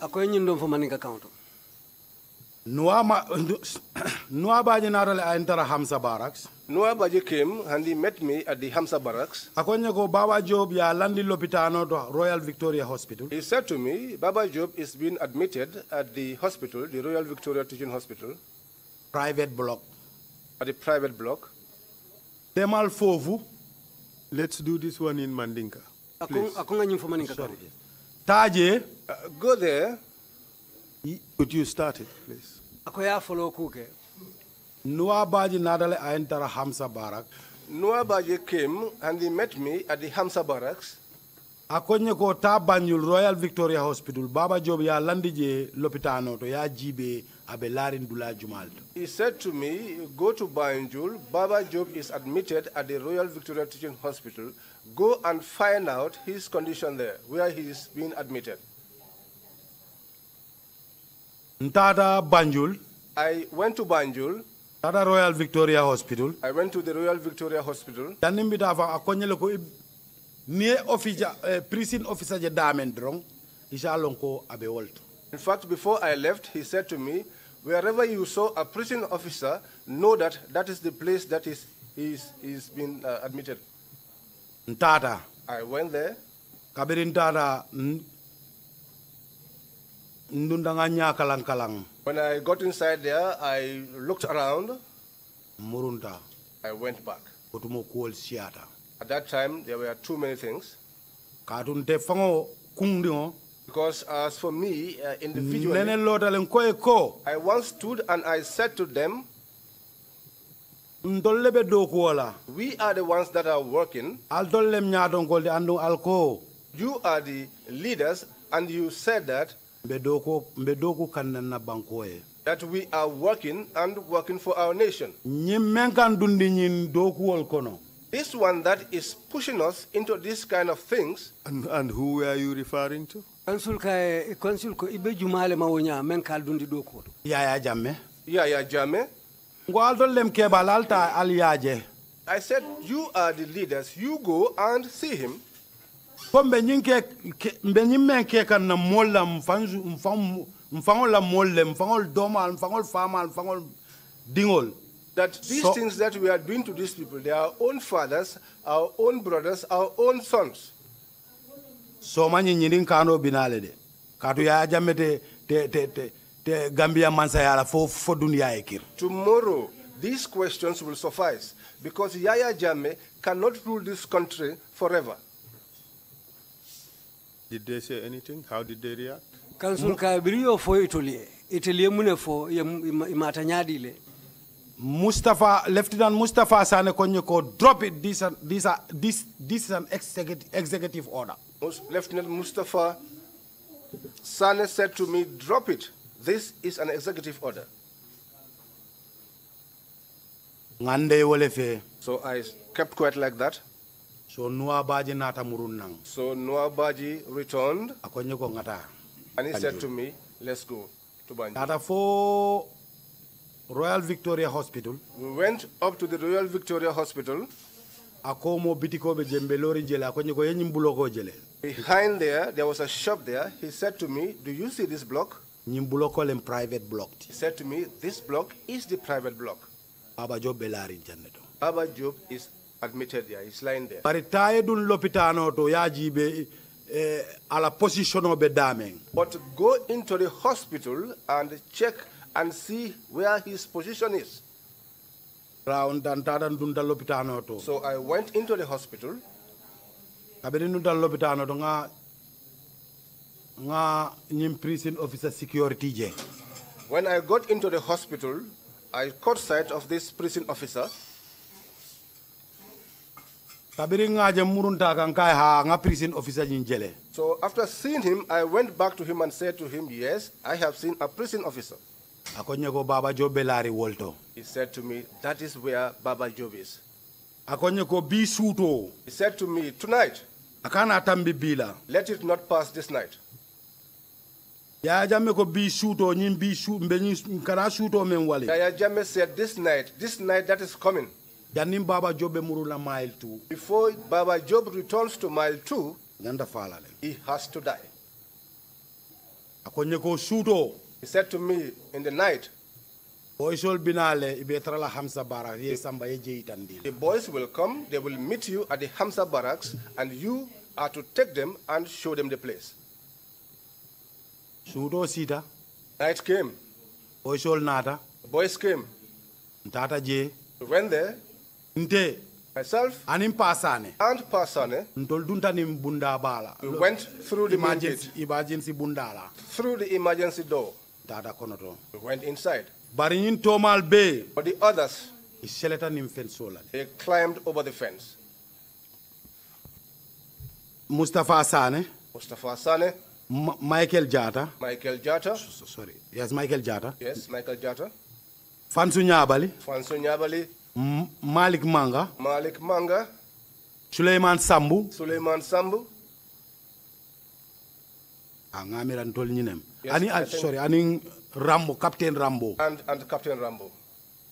Akoy ñindom fo Mandinka county. Nuama, Nuabaji narale enter Hamza barracks. Nuabaji came and he met me at the Hamza barracks. Akonya ko Baba Job ya landi lopitano to Royal Victoria Hospital. He said to me, Baba Job is being admitted at the hospital, the Royal Victoria Teaching Hospital. Private block. At the private block. Demal Fovu. Let's do this one in Mandinka. Please. Akonga nyimfo Mandinka. Taje. Uh, go there. Could you start it, please? Akoya follow kuke. Noa Baji Nadale Aentara Hamsa Barak. Noa Baji came and he met me at the Hamsa Barracks. akonye ko ta banyul royal victoria hospital baba job ya landije lopitano to ya jibe Abelarin dula jumalto he said to me go to banjul baba job is admitted at the royal victoria teaching hospital go and find out his condition there where he is being admitted Ntada Banjul. I went to Banjul. Ntada Royal Victoria Hospital. I went to the Royal Victoria Hospital. Yanimbi dafa akonyele ko nie officer eh, prison officer je damen drong ishalon abe wolto. In fact, before I left, he said to me, wherever you saw a prison officer, know that that is the place that is is he's been uh, admitted. Ntata. I went there. Kabirin Tata when I got inside there, I looked around. Murunda. I went back. At that time, there were too many things. Because as for me, uh, individually, I once stood and I said to them, we are the ones that are working. You are the leaders, and you said that that we are working and working for our nation. This one that is pushing us into this kind of things. And, and who are you referring to? Yaya Jamme. Yaya Jamme. I said you are the leaders. You go and see him mbe nyin men ke kan na molla mfanzu mfam mfangol la molle mfangol domal mfangol famal mfangol dingol that these so, things that we are doing to these people, they are our own fathers, our own brothers, our own sons. So many nyirin kano binale de. Katu ya ajame te te te te te Gambia mansayala fo fo dunia ekir. Tomorrow, these questions will suffice because Yaya Jame cannot rule this country forever. Did they say anything? How did they react? Council Kabrio for Italy. Italy mune for imatanyadile. Mustafa, Lieutenant Mustafa Sanekonyoko, drop it. This, this, this, this is an executive, executive order. Lieutenant Mustafa Sane said to me, drop it. This is an executive order. So I kept quiet like that. So Nuabaji nata murunang. So Nuabaji returned. Akonyo ko ngata. And he said to me, let's go to Banjul. Nata fo Royal Victoria Hospital. We went up to the Royal Victoria Hospital. Akomo bitikobe jembelori jele akonyo ko yenyi jele. Behind there, there was a shop there. He said to me, do you see this block? Nyimbulo call him private block. He said to me, this block is the private block. Abba Job Belari Janeto. Abba Job is admitted there. He's lying there. Eh, but go into the hospital and check and see where his position is. So I went into the hospital. lopitano to nga nga nyim prison officer security je when i got into the hospital i caught sight of this prison officer Kabirin ngaje murunta kan kai ha nga prison officer nyin jele. So after seeing him, I went back to him and said to him, yes, I have seen a prison officer. Akonye ko Baba Job belari wolto. He said to me, that is where Baba Job is. Akonye ko bi suto. He said to me, tonight. Akana tambi bila. Let it not pass this night. Ya Jamme ko bi suto nyin bi su mbe nyin kara suto men wale. Yaya Jamme said this night, this night that is coming baba job murula mile 2 before baba job returns to mile 2 he has to die he said to me in the night the boys will come they will meet you at the Hamza barracks and you are to take them and show them the place night came boysol Nada. boys came went there Nde. Myself. Anim Pasane. And Pasane. bunda bala. We went through the emergency, emergency Bundala. Through the emergency door. Dada Konoto. We went inside. Barin Tomal Bay. But the others. They climbed over the fence. Mustafa Sane. Mustafa Sane. M Michael Jata. Michael Jata. Sorry. Yes, Michael Jata. Yes, Michael Jata. Fansu Nyabali. Fansu Nyabali. Malik Manga. Malik Manga. Suleiman Sambu. Suleiman Sambu. Angamiran ah, tol ñinem. ani ah, sorry ani Rambo Captain Rambo. And and Captain Rambo.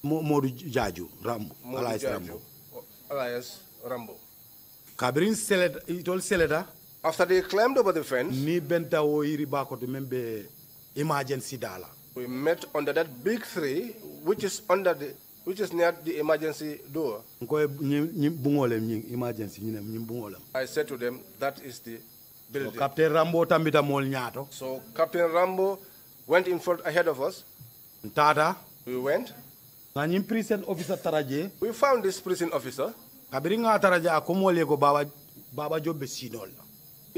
Mo Modu Jaju Rambo. Modu Alias Rambo. Oh, alias Rambo. Kabirin Seleda itol Seleda. After they climbed over the fence. Ni benta wo iri bako to membe emergency dala. We met under that big tree which is under the which is near the emergency door. I said to them, that is the building. So Captain Rambo So Captain Rambo went in front ahead of us. Tata. We went. prison officer We found this prison officer. He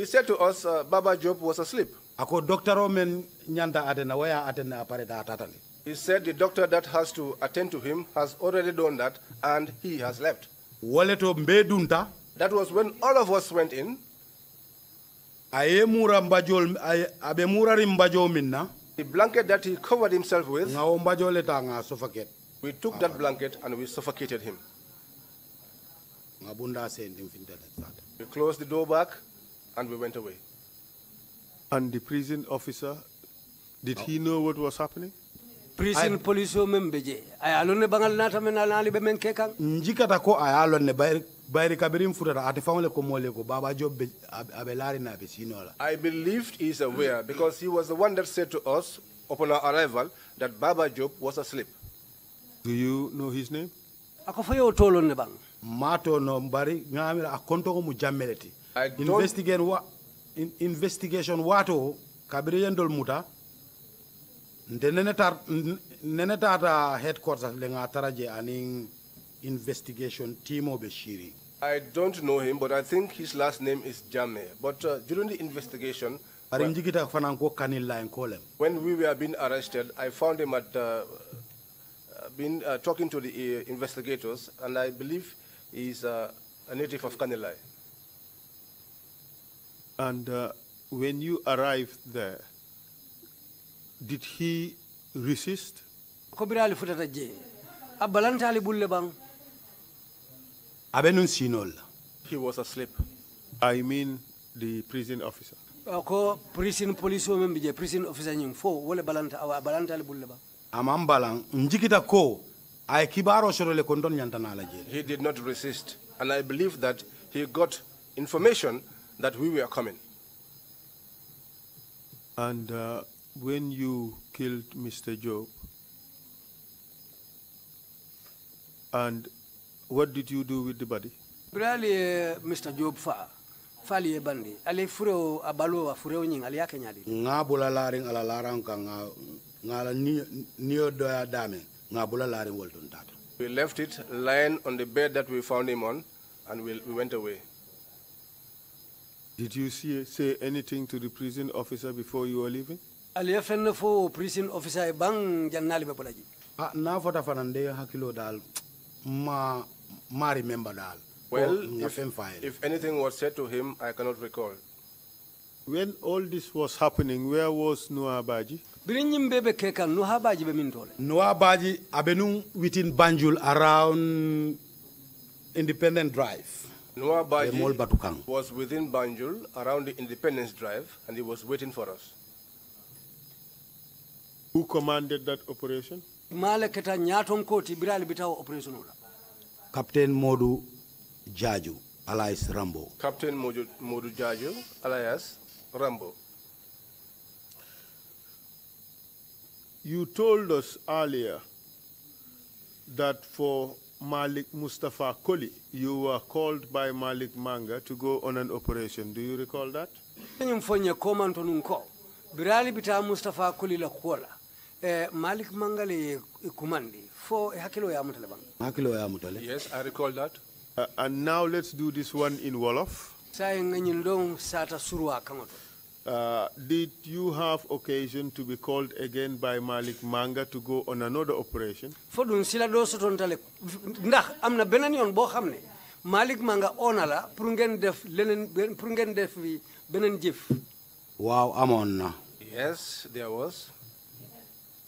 said to us, uh, Baba Job was asleep. Ako doctor atena waya atena apare he said the doctor that has to attend to him has already done that and he has left. That was when all of us went in. minna. The blanket that he covered himself with. suffocate. We took that blanket and we suffocated him. Ngabunda We closed the door back and we went away. And the prison officer, did he know what was happening? prison police o men ay alon ne bangal nata men men ke kan njikata ko ay alon ne bayri futata fawle ko mole ko baba job abe lari na be sinola i believed he is aware because he was the one that said to us upon our arrival that baba job was asleep do you know his name ako fayo tolon ne bang mato no ngamira akonto ko mu wa investigation wato kabire yendol muta nde nenetar uh, headquarters le nga taraje investigation team oɓe I don't know him, but I think his last name is Jame. But uh, during the investigation, when, when we were being arrested, I found him at uh, uh been uh, talking to the uh, investigators, and I believe he's uh, a native of Kanilai. And when you arrived there, did he resist? Kobirali futata je. Abalantali bulle bang. Abenun sinol. He was asleep. I mean the prison officer. Ako prison police wo membe prison officer nying fo wole balanta awa balantali bulle bang. Amam balang njikita ko ay kibaro le kondon nyantana la je. He did not resist and I believe that he got information that we were coming. And uh, when you killed Mr. Job, and what did you do with the body? Brali eh, Mr. Job fa fali eh, bandi ale fureo abalo wa fureo nying ale yake nyadi ngabula laring ala larang ka nga ngala niyo doya dame ngabula laring wolton tata we left it lying on the bed that we found him on and we, we went away did you see, say anything to the prison officer before you were leaving aliye fenne fo prison officer e ban jannali be bulaji a ah, na fota fanan de hakkilo dal ma ma remember dal well oh, if, if anything was said to him i cannot recall when all this was happening where was noah baji birin yimbe be ke noah baji be min tole noah baji abenu within banjul around independent drive noah baji was within banjul around the independence drive and he was waiting for us who commanded that operation? Mala keta nyaton koti birali bitaw operation ola. Captain Modu Jaju, alias Rambo. Captain Modu, Modu Jaju, alias Rambo. You told us earlier that for Malik Mustafa Koli, you were called by Malik Manga to go on an operation. Do you recall that? Nyumfonye komanto nunko. Birali bita Mustafa Koli la kuola. Eh, Malik Mangali Kumandi for eh, Hakilo Yamutale Hakilo Yamutale. Yes, I recall that. Uh, and now let's do this one in Wolof. Uh, did you have occasion to be called again by Malik Manga to go on another operation? For dun sila do sotontale ndax amna benen yon bo hamne. Malik Manga onala pour ngeen def leneen pour ngeen def benen jëf. Waaw amon na. Yes, there was.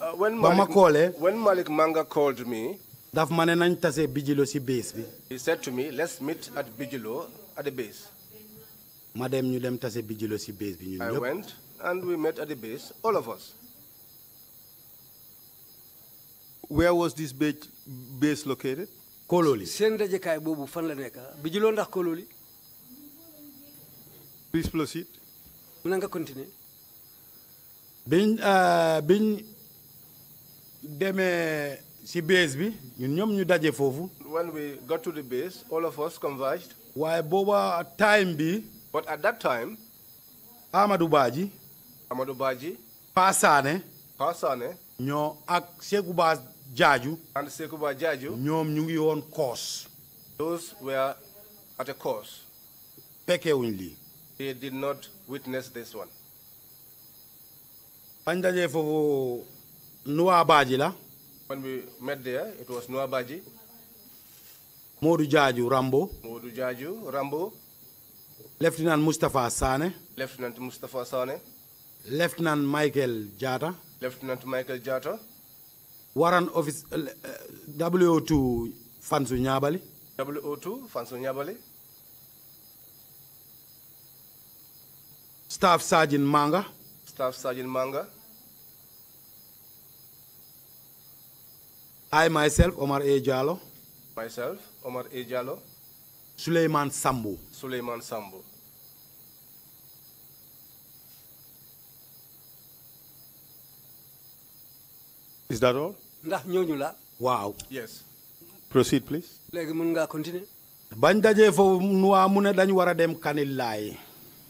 Uh, when Malik, ba ma when Malik Manga called me. daf ma nañ tase Bijilo si base bi. he said to me let's meet at Bijilo at the base. ma dem ñu dem tase Bijilo si base bi ñun ñëpp. I went and we met at the base all of us. where was this base located. Kololi. seen dajekaay Bobu fan la nekk Bijilo ndax Kololi. please proceed. mën nga continuer. biñ euh, biñ demee si base bi ñun ñoom ñu daje foofu. when we got to the base all of us converged. waaye booba time bi. but at that time. Amadou Badji. Amadou baji. Passane. Passane. No, ak Sekouba Jaaju. and Sekouba Jaaju. ñoom ñu ngi woon course. those were at a course. fekkewuñ lii. they did not witness this one. bañ dajee foofu. Noah la When we met there, it was Noah Baji. Modu Jaju Rambo. Modu Jaju Rambo. Lieutenant Mustafa Sane. Lieutenant Mustafa Sane. Lieutenant Michael Jata. Lieutenant Michael Jata. Warrant Office uh, uh, WO2 Fansu Nyabali. WO2 Fansu Nyabali. Staff Sergeant Manga. Staff Sergeant Manga. I myself, Omar A. Myself, Omar A. Diallo. Suleiman Sambu. Suleiman Sambu. Is that all? Wow. Yes. Proceed, please. Léegi mën ngaa continue. bañ dajee foofu Noa mu ne dañ dem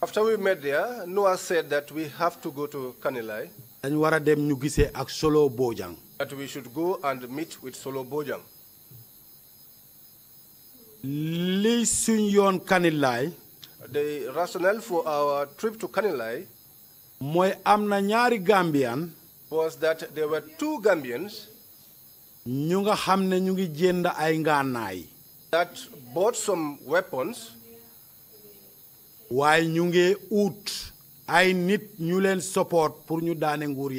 After we met there, Noah said that we have to go to Kanilai. dañ war a dem ñu gisee ak Solo Bojang that we should go and meet with Solo Bojang. Kanilai. the rationale for our trip to Kanilai. Gambian. was that there were two Gambians. that bought some weapons. While nyunge oot? ut ay nit ñu leen support pour ñu daane nguur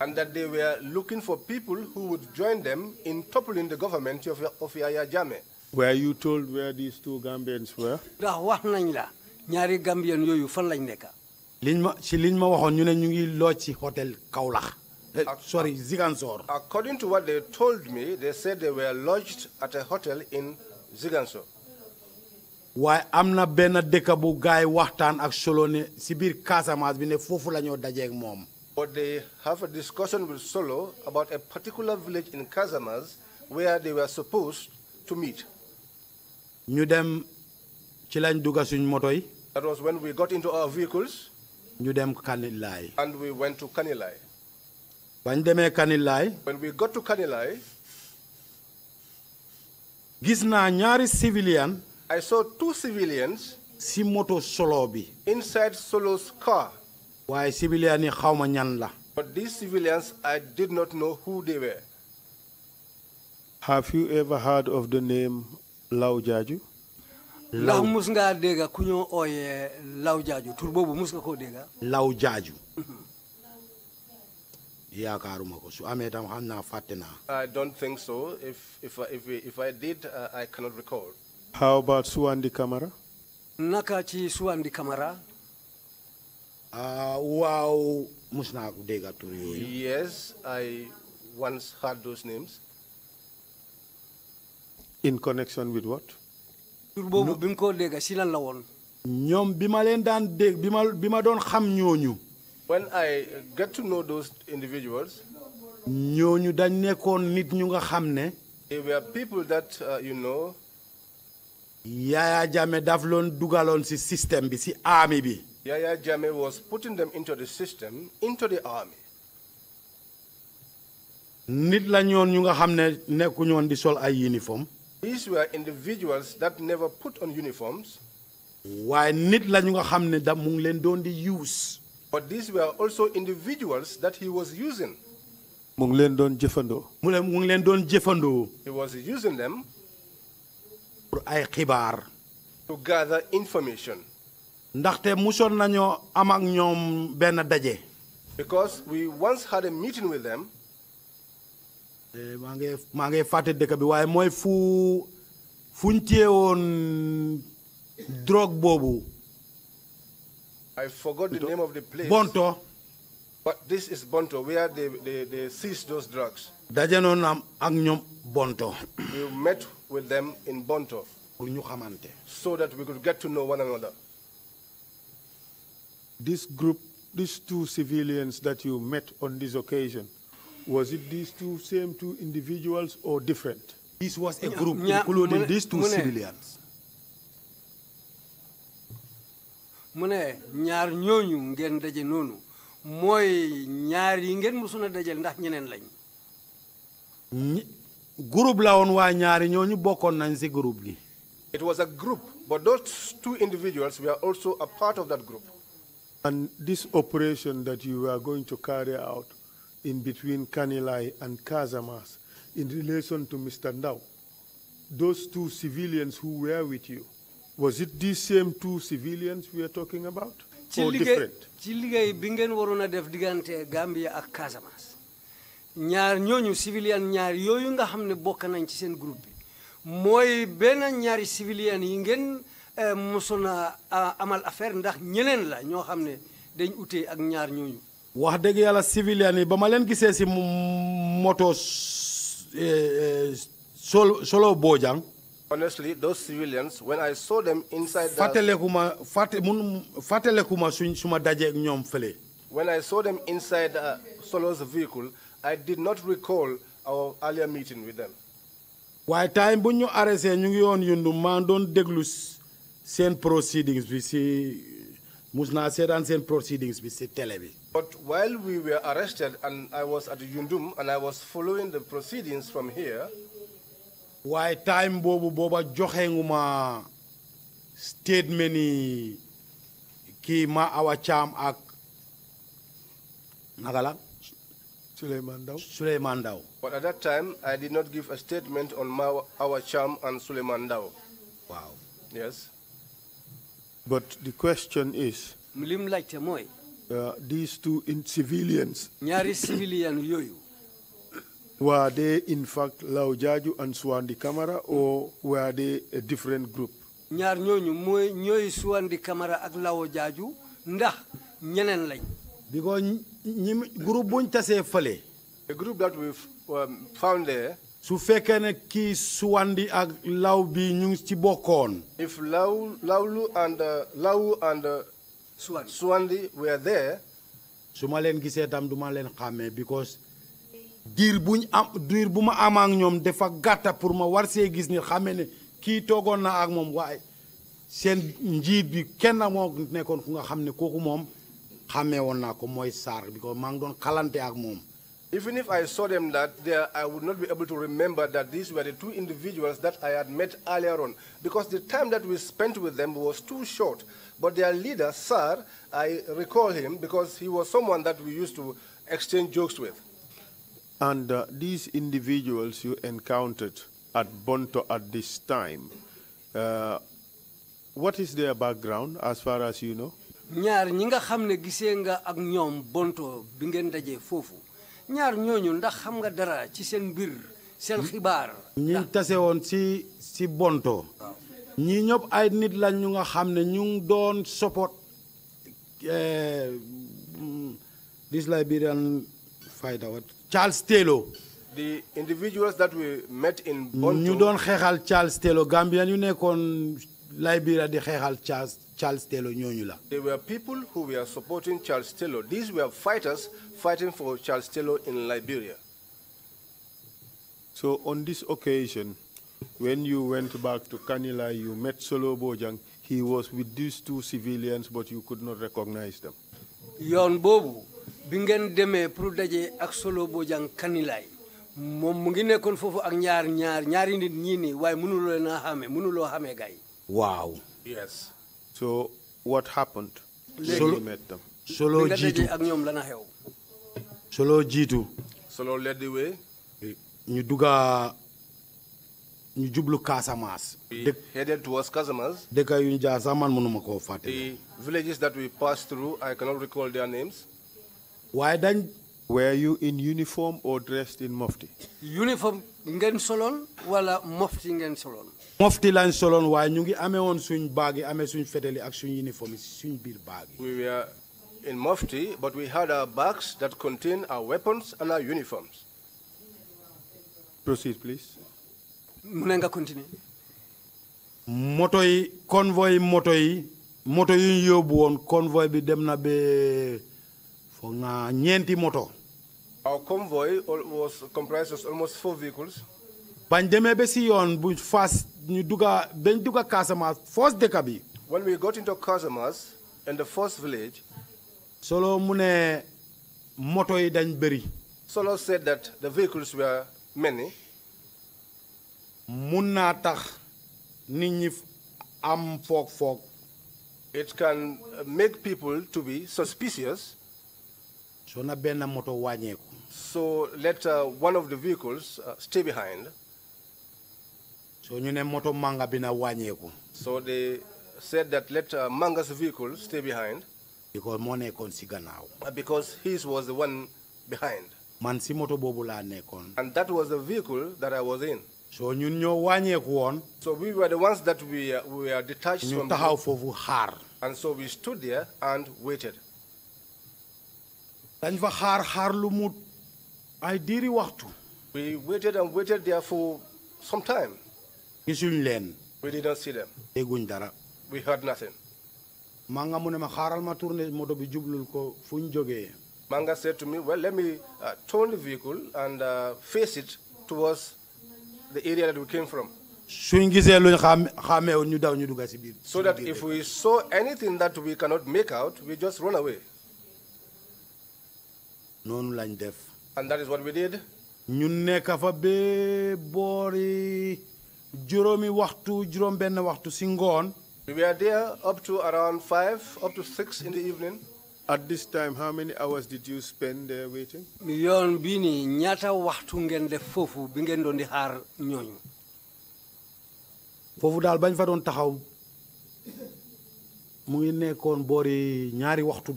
and that they were looking for people who would join them in toppling the government of of Yaya jame were you told where these two Gambians were. ndax wax nañ la ñaari Gambian yooyu fan lañ nekk. liñ ma ci liñ ma waxoon ñu ne ñu ngi loo ci hôtel Kaolack. Eh, sorry Ziguinchor. according to what they told me they said they were lodged at a hotel in Ziguinchor waaye am na benn dëkk bu gaay waxtaan ak Solo ne si biir Casamance bi ne foofu la ñoo dajeeg moom. But they have a discussion with Solo about a particular village in Casamance where they were supposed to meet. ñu dem ci lañ That was when we got into our vehicles. ñu dem Kanilaay. And we went to Kanilaay. bañ When we got to Kanilaay. gis naa ñaari civilian. I saw two civilians si moto solo bi inside Solo's car. Why civilian yi xawma ñan la. But these civilians, I did not know who they were. Have you ever heard of the name Law Jaju? ndax mus ngaa oye ku ñoo ooyee Law Jaju tur mus nga Law Jaju. Mhm. su tam I don't think so if if if if I did uh, I cannot recall. How about Suwandi Kamara? Nakachi ci Kamara. waaw ah, wow, naa ko dégg yes I once heard those names. in connection with what. tur boobu bi mu ko dégg si lan la woon. ñoom bi ma when I get to know those individuals. ñooñu dañ nekkoon nit ñu nga ne. they were people that uh, you know. Yaya Jame daflon dugaloon si system bi si army bi. Yaya Jame was putting them into the system, into the army. Nit la ñoon ñu nga ne nekku ñoon di sol ay uniform. These were individuals that never put on uniforms. Why nit la ñu nga xam da mu ngi leen doon di use. But these were also individuals that he was using. Mu ngi leen doon jëfandoo. Mu ngi leen doon He was using them pour ay xibaar to gather information ndaxte musoon nañoo am ak ñoom benn daje because we once had a meeting with them eh, maa ngi maa ngi fàtte dëkk bi waaye mooy fu fuñ téyewoon drogue boobu I forgot the name of the place. Bonto. But this is Bonto, where they, they, they seized those drugs. Daje noonu am ak ñoom Bonto. We met with them in Bonto so that we could get to know one another. This group, these two civilians that you met on this occasion, was it these two same two individuals or different? This was a group including these two civilians. ñaar ñooñu ngeen daje noonu mooy ñaar yi ngeen dajal ndax ñeneen lañ groupe la ñaari nañ groupe gi. It was a group but those two individuals were also a part of that group. And this operation that you are going to carry out in between Kanilai and Kazamas in relation to Mr. Ndau, those two civilians who were with you, was it these same two civilians we are talking about? Or different? Gambia ak ñaar ñooñu civilian ñaar yooyu nga xam ne bokk nañ ci seen groupe bi mooy benn ñaari civilian yi ngeen eh, mosoon amal affaire ndax ñeneen la ñoo xam ne dañ utee ak ñaar wax dëgg yàlla civilian yi ba ma leen gisee si moto eh, eh, solo solo Bojang. honestly those civilians when I saw them ma fàtte mun fàttaleku ma suñ suma dajeeg ñoom fële. when I saw them inside uh, Solo's I did not recall our earlier meeting with them. waaye time bu ñu arrêté ñu ngi yoon yundu maa doon déglu seen proceedings bi si mus naa seetaan seen proceedings bi si télé bi. But while we were arrested and I was at Yundum and I was following the proceedings from here. waaye time boobu booba joxe nguma statement yi ki ma awa caam ak naka Suleiman Daw. But at that time, I did not give a statement on my, our charm and Suleiman Daw. Wow. Yes. But the question is, uh, these two in civilians, were they in fact Laujaju and Swandi Kamara or were they a different group? ñaar ñooñu mooy ñooy suwandi kamara ak lawo jaaju ndax ñeneen lañ. because ñi groupe buñ tasee fële. a group that um, su fekkee ne kii Suwandi ak law bi ñu ngi ci bokkoon. if law lawlu and uh, law and. Uh, Suwandi Suwandi su ma leen gisee tam duma leen xàmmee because diir buñ am diir bu ma am ñoom dafa gàtta pour ma war see gis ni xàmmee ne kii toogoon na ak moom waaye seen njiit bi kenn moo nekkoon ku nga xam ne kooku moom. naa ko mooy maa ngi doon xalante ak moom. Even if I saw them that there, I would not be able to remember that these were the two individuals that I had met earlier on, because the time that we spent with them was too short. But their leader, Sir, I recall him because he was someone that we used to exchange jokes with. And uh, these individuals you encountered at Bonto at this time, uh, what is their background as far as you know? ñaar ñi nga xam ne gisee nga ak ñoom bonto bi ngeen dajee foofu ñaar ñooñu ndax xam nga dara ci seen mbir seen xibaar. ñi tase woon si si bonto. ñii ñëpp ay nit lañ ñu nga xam ne ñu doon support eh, mm, this Liberian fighter what Charles Taylor. the individuals ñu doon xeexal Charles Taylor Gambian yu nekkoon Liberia di xeexal Charles. Charles Taylor They were people who were supporting Charles Taylor. These were fighters fighting for Charles Taylor in Liberia. So on this occasion, when you went back to Kanila, you met Solo Bojang. He was with these two civilians, but you could not recognize them. yoon ak Solo Bojang ak nit gay yes so what happened? Solo met them. Solo jitu. Solo jitu. Solo led the way. ñu a. ñu jublu Casamance. we headed towards Casamance. dëkk yu jaar sax man the villages that we passed through I cannot recall their names. Why then? were you in uniform or dressed in mufti. uniform ngeen soloon wala mufti ngeen soloon mofti lañ ñu ngi suñ suñ ak suñ uniforme suñ we were in mufti but we had our bags that contain our weapons and our uniforms. proceed please. mu ne nga moto yi convoy moto yi moto yu yóbbu convoy bi dem na be foog naa ñeenti moto. our convoy was comprises almost four vehicles. bañ demee si yoon bu fast when we got into Casamance in the first village. Solo moto dañ bëri. Solo said that the vehicles were many. Munata, naa am It can uh, make people to be suspicious. So na benn moto wàññeeku. So let uh, one of the vehicles uh, stay behind so moto manga so they said that let uh, manga's vehicle stay behind. because money nekkoon si now because his was the one behind. man si moto boobu nekon and that was the vehicle that I was in. so ñun ñoo so we were the ones that we uh, we were detached. the taxaw of xaar. and so we stood there and waited. dañ fa xaar xaar mu ay we waited and waited there for some time we didn't see them. we heard nothing. Manga said to me well let me uh, turn the vehicle and uh, face it towards the area that we came from. so that if we saw anything that we cannot make out we just run away. and that is what we did juróomi waxtu juróom benn waxtu si ngoon. we were there up to around five up to six in the evening. At this time, how many hours did you spend there waiting? Yon bini nyata waxtu ngeen def fofu bi ngeen doon di xaar ñooñu. Fofu daal bañ fa nyari taxaw mu ngi ñaari waxtu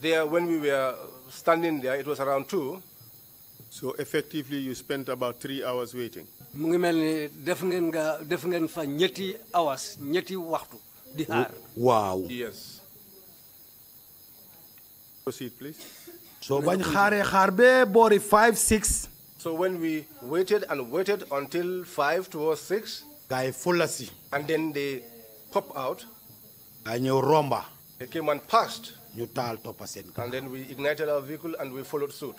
There when we were standing there it was around two. So effectively you spent about three hours waiting. mu hours ñetti yes. proceed please. five six. so when we waited and waited until five towards six. Guy yi and then they pop out. gars romba. they came and passed. ñu taal and then we ignited our vehicle and we followed suit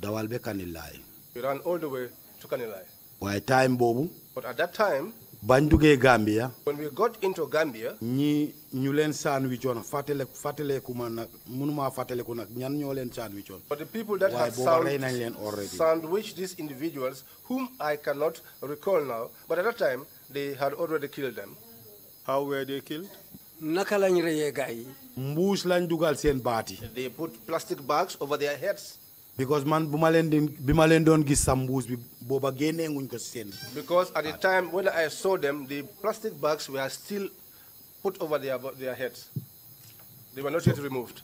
dawal be kanilai we ran all the way to kanilai Why time bobu but at that time banduge Gambia. when we got into Gambia. ñi ñu leen sandwichoon fàttale fàttaleku ma nag mënuma fàttaleku nag ñan ñoo but the people that have sandwiched these individuals whom I cannot recall now but at that time they had already killed them. how were they killed. naka lañ reyee gars mbuus lañ dugal seen they put plastic bags over their heads because man bu ma leen di bi ma gis sa bi booba génnee nguñ ko seen. because at the time when I saw them the plastic bags were still put over their their heads they were not yet removed.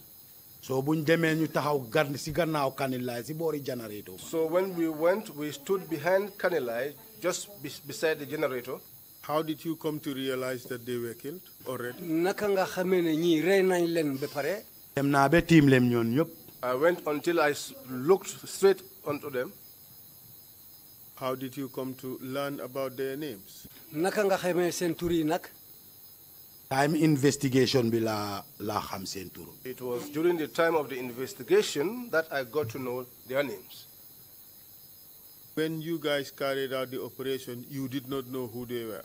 so buñ demee ñu taxaw gan si gannaaw Kanilai si boori generator. so when we went we stood behind Kanilai just beside the generator. how did you come to realize that they were killed already. naka nga xamee ne ñii rey nañ leen ba pare. dem naa ba tiim leen ñoon ñëpp. I went until I looked straight onto them. How did you come to learn about their names? time investigation bi la laa xam It was during the time of the investigation that I got to know their names. When you guys carried out the operation, you did not know who they were.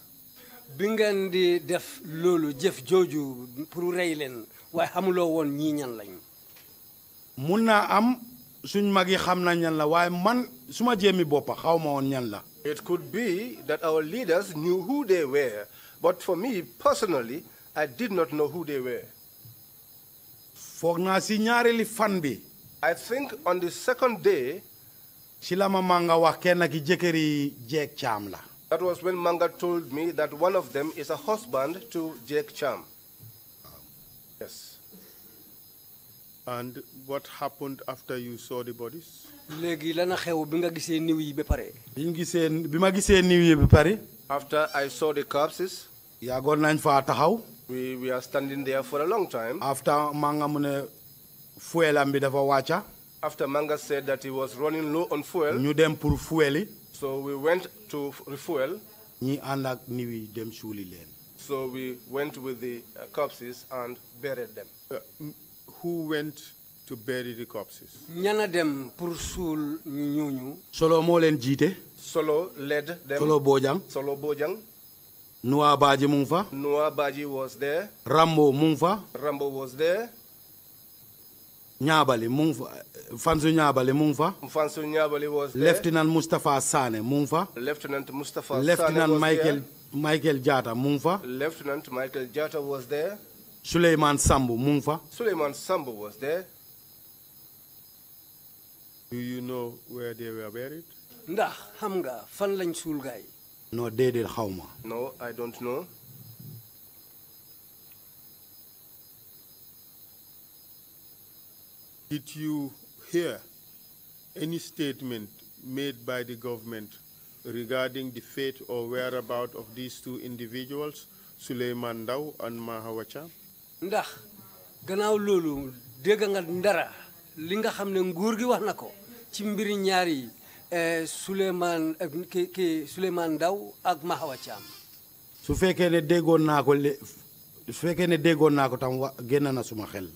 bi di def loolu jëf jooju pour rey len waaye xamuloo woon ñii ñan lañu am suñ xam ñan la waaye man suma jéemi boppa woon ñan la. It could be that our leaders knew who they were but for me personally I did not know who they were. foog naa si fan bi. I think on the second day. si la ma Manga wax kenn ki jëkkëri Jake Cham la. That was when Manga told me that one of them is a husband to Jake Cham. Yes. And what happened after you saw the bodies? Legi lana a xew bi nga gisee niw yi ba pare. bi ñu gisee bi ma gisee niw yi ba pare. after I saw the corpses. ya yàggoon nañ fa taxaw. we we are standing there for a long time. after Manga mune ne fuelam bi dafa wàcca. after Manga said that he was running low on fuel. ñu dem pour fueli. so we went to refuel. ñi ànd ak niw yi dem suuli leen. so we went with the uh, corpses and buried them. Uh, who went to bury the corpses. Nyana dem pour suul ñooñu. solo moo leen jiite. solo led them. solo Bojang. solo Bojang. Noah Baji Mungfa. Noah Baji was there. Rambo Mungfa. Rambo was there. Nyabali Mungfa. Fansu Nyabali Mungfa. Fansu Nyabali was there. Lieutenant Mustafa Sane Mungfa. Lieutenant Mustafa Sane Lieutenant Michael Michael Jata Mungfa. Lieutenant Michael Jata was there. Suleiman Sambu Mungfa. Suleiman Sambu was there. Do you know where they were buried? Ndax xam nga fan lañ suul gaay. No No, I don't know. Did you hear any statement made by the government regarding the fate or whereabout of these two individuals, Suleiman Dao and Mahawacha? ndax gannaaw loolu dégg nga li nga xam ne nguur gi wax na ko ci mbiri ñaar yi eh, ki Daw ak Mahawa su fekkee ne déggoon naa ko su fekkee ne déggoon naa ko tam wa génn na suma xel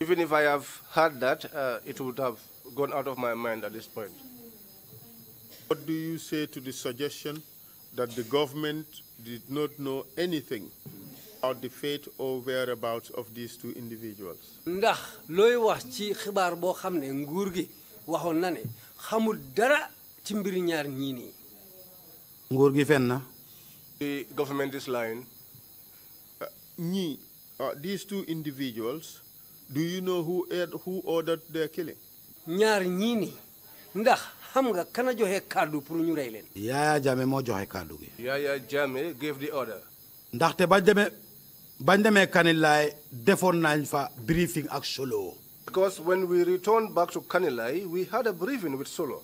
even if I have heard that uh, it would have gone out of my mind at this point What do you say to the suggestion that the government did not know anything about the fate or whereabouts of these two ndax looy wax ci xibaar boo xam ne nguur gi waxoon na ne xamul dara ci mbiri ñaar ñii nii. nguur gi fen na. the government is lying. Uh, ñii uh, these two individuals do you who who their killing. ñaar ñii nii ndax xam nga kana joxe kàddu pour ñu rey leen. Yaya Jammeh moo joxe kàddu gi. Yaya Jammeh ba demee bañ demee Kanilaay defoon briefing ak Solo. Because when we returned back to Kanilai, we had a briefing with Solo.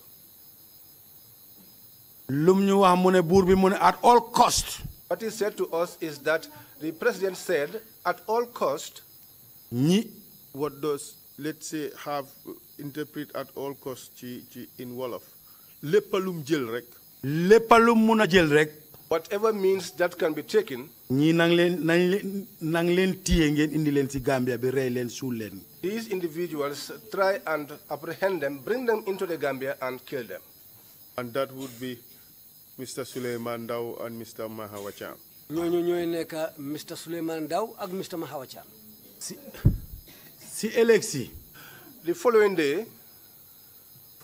Lum ñu wax mu ne bi mu at all cost. What he said to us is that the president said at all cost. Ñi. What does let's say have interpret at all cost ci ci in Wolof. Lépp lum jël rek. Lépp lum mun jël rek whatever means that can be taken. These individuals try and apprehend them, bring them into the Gambia and kill them. And that would be Mr. Suleiman Daw and Mr. Mahawacham. Mr. Suleiman Daw and Mr. Mahawacham. The following day.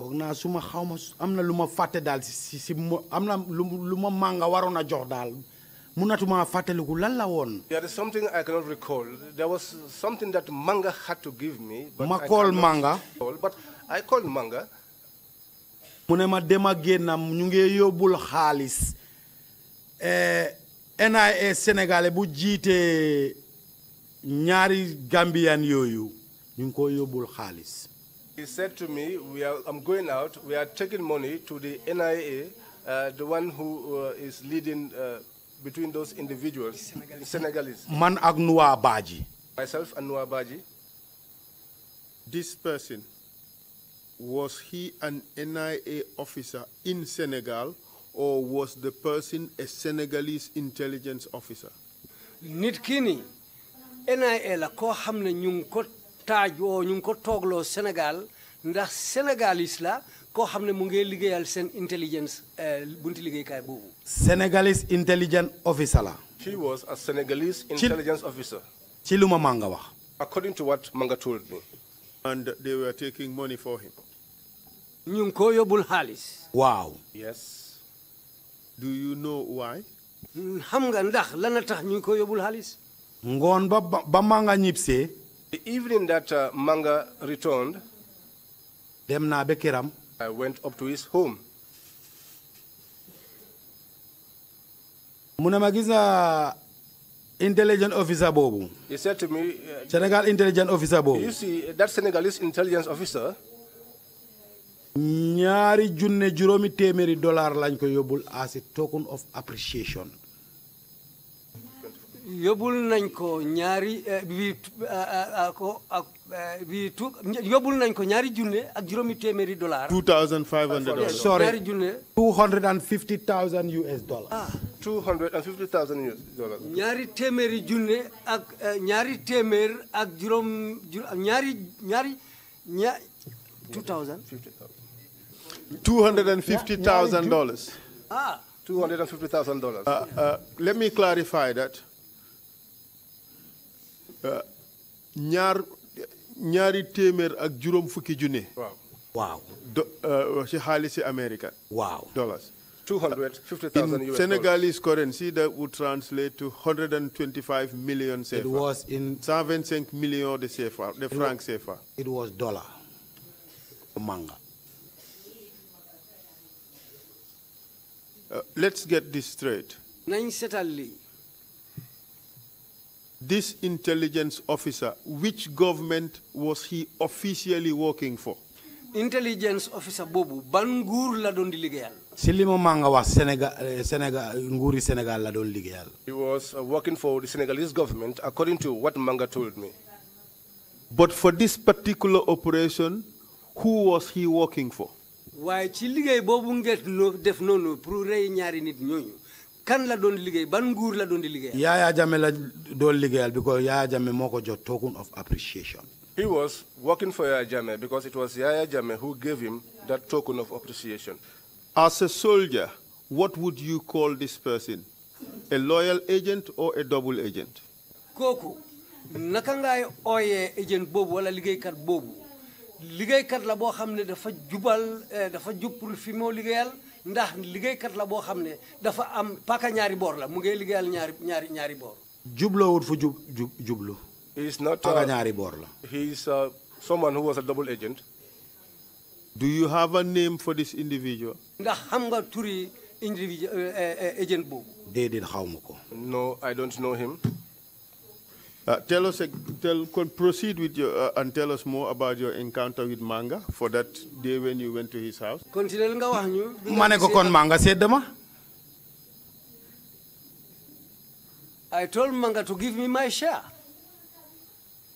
foog naa su ma xaw ma am na lu ma fàtte daal si si am na lu ma mànga waroon a jox daal munatuma fàttaliku lan la woon. there is something I cannot recall there was something that Manga had to give me. ma call Manga. but I called Manga. mu ne ma dem génnam ñu ngi yóbbul xaalis eh, NIA Sénégalais bu jiitee ñaari Gambian yooyu ñu ngi ko yóbbul xaalis. He said to me, are, I'm going out, we are taking money to the NIA, uh, the one who uh, is leading uh, between those individuals, Senegalese. Senegalese. Man Agnua Baji. Myself, Anwar Baji. This person, was he an NIA officer in Senegal or was the person a Senegalese intelligence officer? Nit NIA la ko xamne taaj woo ñu ngi ko toogloo Sénégal ndax sénégalais la koo xam ne mu ngi liggéeyal seen intelligence euh, bunti liggéeykaay boobu. Senegalese intelligence officer la. She ci lu ma Manga wax. according to what Manga told me. and they were taking money for him. ñu ngi ko yóbbul xaalis. waaw. yes. do you know why. xam nga ndax lan la tax ñu ngi ko yóbbul xaalis. ngoon ba ba Manga ñibbisee. The evening that uh, Manga returned, dem na ba këram. I went up to his home. mu intelligence officer boobu. He said to me. Uh, Senegal intelligence officer boobu. You see uh, that Senegalese intelligence officer. Nyari junne juróomi téeméeri dollar lanko yobul as a token of appreciation. yóbbul nañ ko ñaari eh, bii eh, eh, ko ak bii tu yóbbul nañ ko ñaari junne ak juróomi téeméeri dollars. 2500 dollars sorry ñaari junne. 250000 US dollars. ah 250000 US dollars. ñaari téeméeri junne ak ñaari téeméer ak juróom ñaari ñaari ña 2000. 250000 dollars. ah. 250000 dollars. Ah, ah. Uh, uh, let me clarify that. Uh, ñaar ñaari téeméer ak juróom fukki junne. waaw waaw. do uh, ci xaalisi America. waaw dollars. 250,000 Senegalese currency, that would translate to 125 million CFA. It was in 125 million de CFA, the franc CFA. It was dollar. Manga. Uh, let's get this straight this intelligence officer, which government was he officially working for? Intelligence officer Bobu, Bangur la don Silimo manga was Senegal, eh, Senegal, Nguri Senegal la He was uh, working for the Senegalese government, according to what Manga told me. But for this particular operation, who was he working for? Why Chiligay Bobu get no def no no, prure nyari nit kan la doon liggéey ban nguur la doon di liggéey. Yaya Jammeh la doon liggéeyal because Yaya Jammeh moo ko jot token of appreciation. He was working for Yaya Jammeh because it was Yaya Jammeh who gave him that token of appreciation. As a soldier, what would you call this person? A loyal agent or a double agent? kooku naka ngay ooyee agent boobu wala liggéeykat boobu liggéeykat la boo xam ne dafa jubal eh, dafa jub pour fi moo liggéeyal. ndax liggéeykat la boo xam ne dafa am paka ñaari boor la mu ngay liggéeyal ñaari ñaari ñaari boor. jubloowut fu jub jub jublu. he uh, ñaari boor la. he is uh, someone who was a double agent. do you have a name for this individual. ndax xam nga turi individual eh, eh, eh, agent boobu. déedéet xaw ma ko. Uh, tell us, tell, proceed with your, uh, and tell us more about your encounter with Manga for that day when you went to his house. Continue nga wax ñu. mané ko kon Manga sédd ma. I told Manga to give me my share.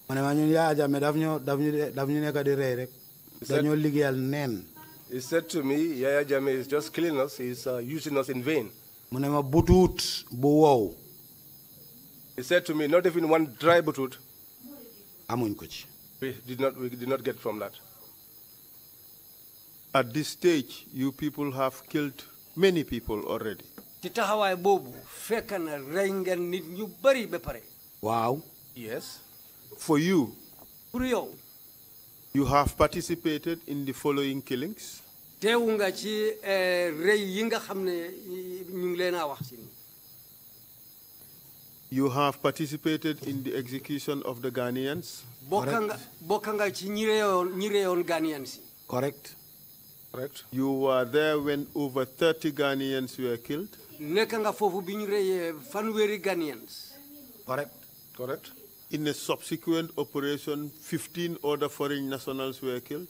mané ma ñun yaa jamme daf ñu daf ñu daf ñu nekk di rey rek. dañoo liggéeyal neen. He said to me, Yaya Jame is just killing us, he's uh, using us in vain. Mane ma butut bu wow. He said to me, not even one dry beetroot. we did not we did not get from that. At this stage, you people have killed many people already. Wow! yes. for you. you have participated in the following killings. You have participated in the execution of the Ghanaians? Correct. Correct. Correct. You were there when over 30 Ghanaians were killed? Correct. Correct. In a subsequent operation, 15 other foreign nationals were killed?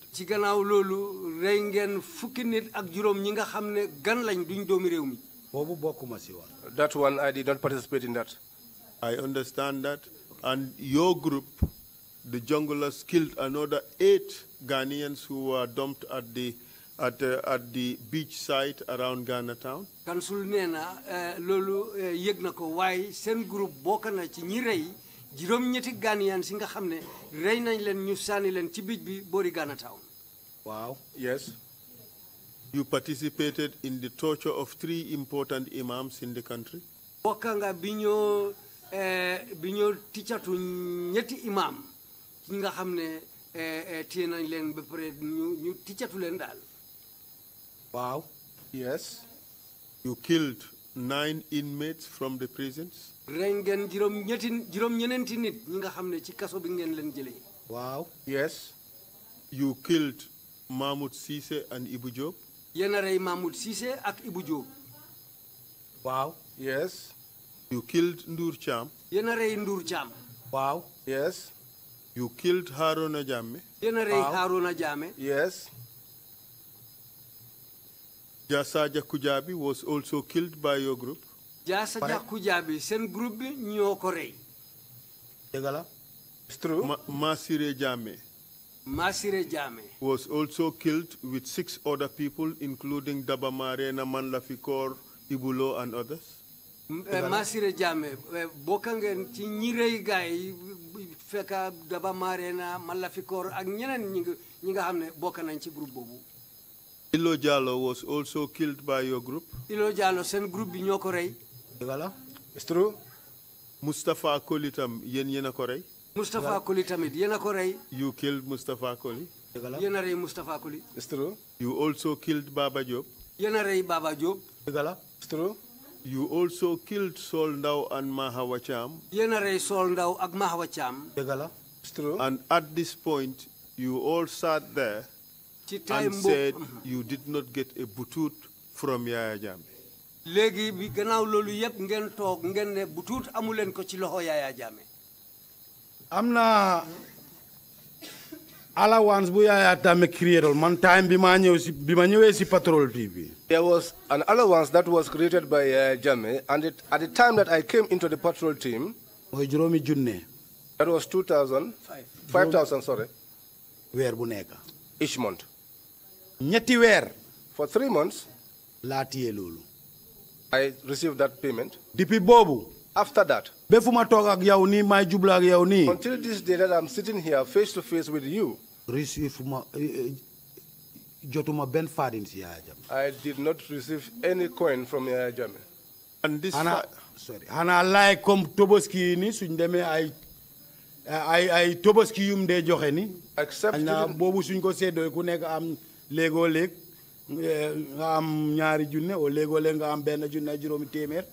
That one, I did not participate in that. I understand that. And your group, the junglers, killed another eight Ghanaians who were dumped at the at, uh, at the beach site around Ghana town? Council nena uh, lolu uh, yeg nako way sen group bokana na ci ñi Ghanaian si nga xamne rey nañ len ñu bori Ghana town. Wow. Yes. You participated in the torture of three important imams in the country? Bokanga binyo. Eh, bi ñoo ticcatu ñetti imam ki nga xam ne eh, eh, téye nañ leen ba pare ñu ñu ticcatu leen daal. waaw. yes. you killed nine inmates from the prisons. rey ngeen juróom ñetti juróom ñeneenti nit ñi nga xam ne ci kaso bi ngeen leen jëlee. waaw. yes. you killed Mahmoud Cissé and Ibou Diop. yéen a rey Mahmoud Cissé ak Ibou Diop. waaw. yes. You killed Ndur Cham. Yenare Ndur Cham. Wow. Yes. You killed Haruna Jame. Yenare wow. Haruna Jame. Yes. Jasaja Kujabi was also killed by your group. Jasaja Kujabi, sen group bi ñoo Degala. It's true. Ma Masire Jame. Masire Jame was also killed with six other people including Dabamarena Manlafikor, Ibulo and others. Mm, Masire Jammeh bokk ngeen ci ñi rëy gaay yi fekka Daba Marena Malafi ak ñeneen ñi nga xam ne bokk nañ ci groupe boobu. Ilo Diallo was also killed by your group. Ilo Diallo seen groupe bi ñoo ko rey. voilà c'est true. Moustapha Koli tam yéen a ko rey. Moustapha Koli tamit yéen a ko rey. you killed Moustapha Koli. yéen a rey Moustapha Koli. you also killed Baba Diop. You also killed Sol and Mahawacham. Yena rey ag Mahawacham. Degala. true. And at this point, you all sat there and said you did not get a butut from Yaya Jammeh. Legi bi gannaaw loolu yëpp ngeen toog ngeen ne bu tuut ko ci loxo Yaya Jammeh. Amna ala once bu yaaya tàmme créerol man time bi maa ñëw si bi ma ñëwee si patrol tv there was an allowance that was created by uh, Jame, and it, at the time that I came into the patrol team mooy juróomi junne that was 2000 5000 sorry weer bu nekk each month ñetti weer for three months laa tiyee loolu I received that payment depuis boobu after that until this day that I'm sitting here face to face with you. Eh, eh, I did not receive any coin from Yaya and this. xanaa sorry xanaa laay comme toboski yi nii suñ demee ay ay ay toboski yum de joxe ni except xanaa Bobu suñ ko séddoo ku nekk am Lego léeg eh, nga am ñaari junne o Lego léeg nga am benn junne juróomi téeméer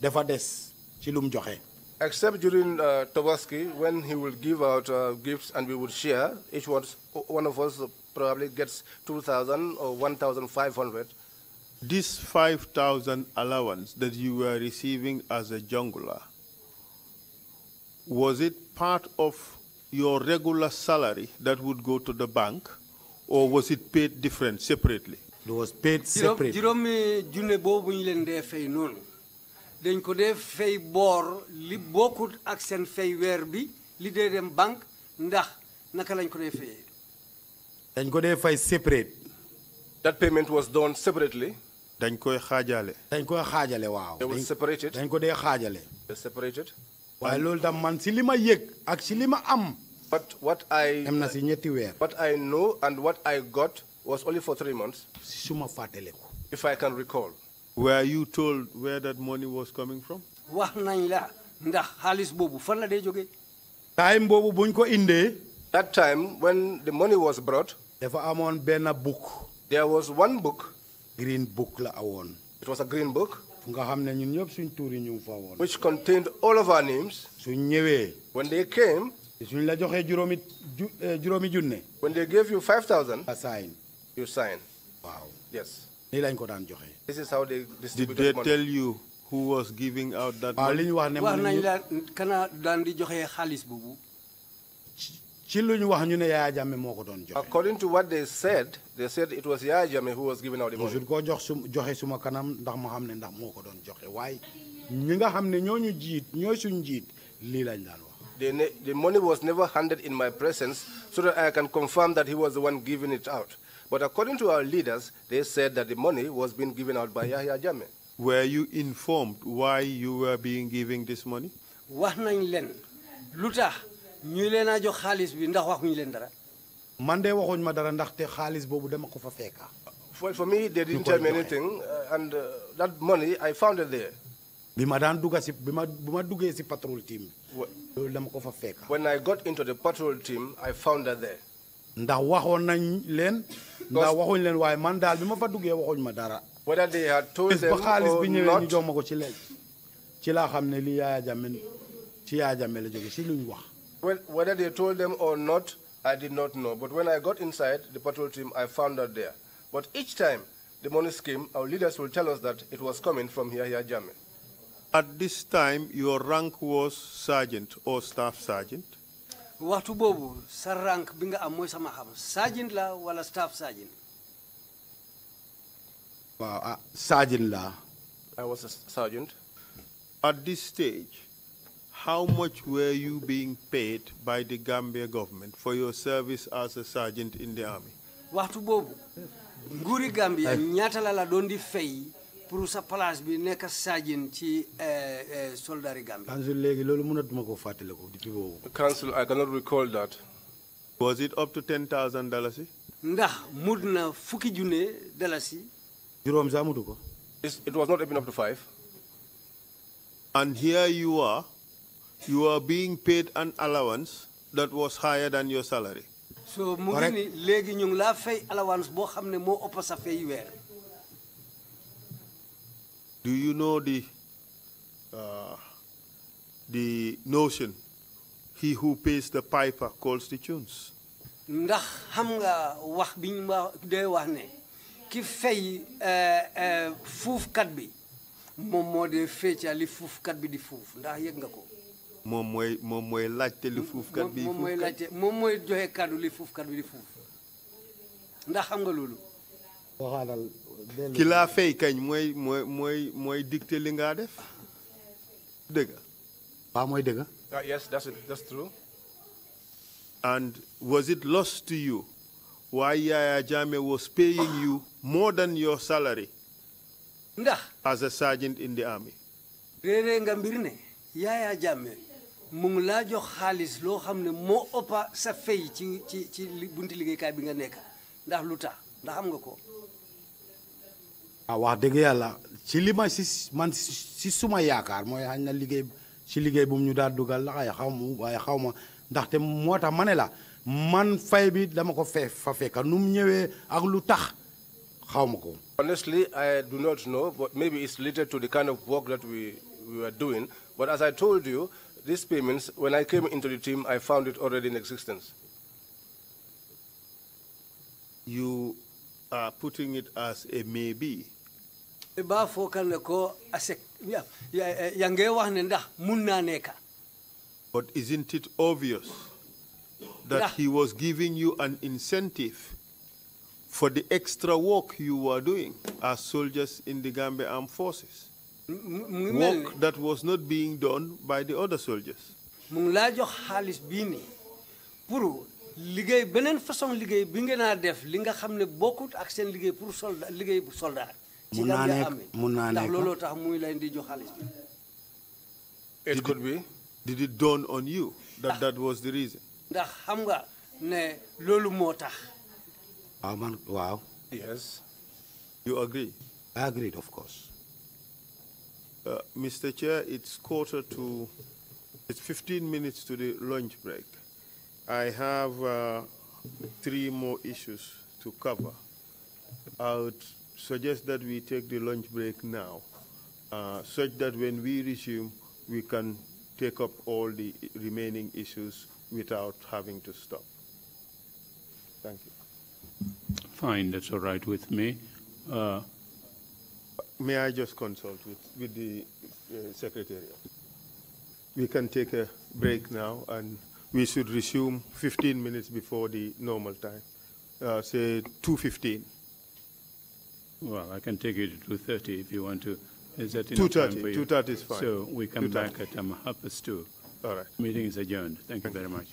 dafa des ci lum joxe except during uh, Tobaski, when he will give out uh, gifts and we would share, each one, one of us probably gets 2,000 or 1,500. This 5,000 allowance that you were receiving as a jungler, was it part of your regular salary that would go to the bank, or was it paid different, separately? It was paid separately dañ ko dee fay li ak fay bi li dem ndax naka lañ ko dañ ko fay separate. that payment was done separately. dañ koy dañ koy waaw. separated dañ ko separated. man ak am. but what I. am na ñetti I know and what I got was only for three months. if I can recall. Were you told where that money was coming from? la time that time when the money was brought. book. there was one book. green book la awoon. it was a green book. which contained all of our names. when they came. Eh, when they gave you five thousand. you sign. Wow. yes this is how they distribute did they tell you who was giving out that ah, money. according to what they said they said it was Yaya who was giving out the money. toujours ne the money was never handed in my presence so that I can confirm that he was the one giving it out. But according to our leaders, they said that the money was being given out by Yahya Jammeh. Were you informed why you were being given this money? wax nañ leen lu tax ñu leen a jox xaalis bi ndax waxuñ leen dara. man de waxuñ ma dara ndaxte xaalis boobu dama ko fa fekka. well for me they didn't tell me anything uh, and uh, that money I found it there. bi ma daan dugg si bi ma bi ma patrol team. loolu dama ko fa fekka. when I got into the patrol team I found that there. ndax waxoon nañ leen fa waxuñ ma dara. whether they had told them or not whether they told them or not I did not know but when I got inside the patrol team I found out there but each time the money came our leaders will tell us that it was coming from here, here. At this time, your rank was sergeant or staff sergeant? waxtu boobu sa rank bi nga am sama xam sergeant la wala staff sergeant waaw ah sergeant la I was a sergeant at this stage how much were you being paid by the Gambia government for your service as a sergeant in the army waxtu boobu nguuri Gambia ñaata la la doon di fay pour sa place bi ci eh, eh, soldat council ko depuis council I cannot recall that. was it up to ten thousand dollars ndax mut fukki junne dalasi. juróom sax ko. it was not even up to five. and here you are you are being paid an allowance that was higher than your salary. so mu ngi ñu ngi fay allowance boo xam ne moo fay do you know the, uh, the notion, he who pays the piper calls the tunes? ndax xam nga wax biñ ma doy wax ne ki fay uh, uh, fuufkat bi moom moo dee fecca li fuufkat bi di fuuf ndax yëg nga ko moom mooy moom mooy laajte li fuufkat bi moom mooy laajte moom mooy joxe kàddu li fuufkat bi di fuuf ndax xam nga loolu waxaalal ki laa fay kañ mooy dicté li def ah, yes that's it that's true. and was it lost to you why Yaya Jammeh was paying you more than your salary. ndax. as a sergeant in the army. réeré nga mbir ne Yaya Jammeh mu ngi laa jox xaalis loo xam ne sa fay ci ci ci bi nga ndax ndax xam nga ko. Ah, wax yàlla ci man suma na bu ñu daal la ay xaw xaw ma man fay bi dama ko fa ak lu tax Honestly, I do not know, but maybe it's related to the kind of work that we, we were doing. But as I told you, these payments, when I came into the team, I found it already in existence. You are putting it as a maybe ba ko asek wax ne ndax mun na neka but isn't it obvious that he was giving you an incentive for the extra work you were doing as soldiers in the Gambia Armed Forces. Work that was not being done by the other soldiers. jox pour façon bi def li nga ak pour soldat soldat it could be. did it dawn on you. that that was the reason. ndax ne ah, yes. you agree. I agreed of course. Uh, Mr. Chair, it's quarter to, it's 15 minutes to the lunch break. I have uh, three more issues to cover out suggest that we take the lunch break now, uh, such that when we resume, we can take up all the remaining issues without having to stop. Thank you. Fine, that's all right with me. Uh, May I just consult with, with the uh, Secretariat? We can take a break now and we should resume 15 minutes before the normal time, uh, say 2.15. Well, I can take you to 2.30 if you want to. Is that enough 2.30, 2.30 is fine. So we come back at um, half past 2. All right. Meeting is adjourned. Thank you very much.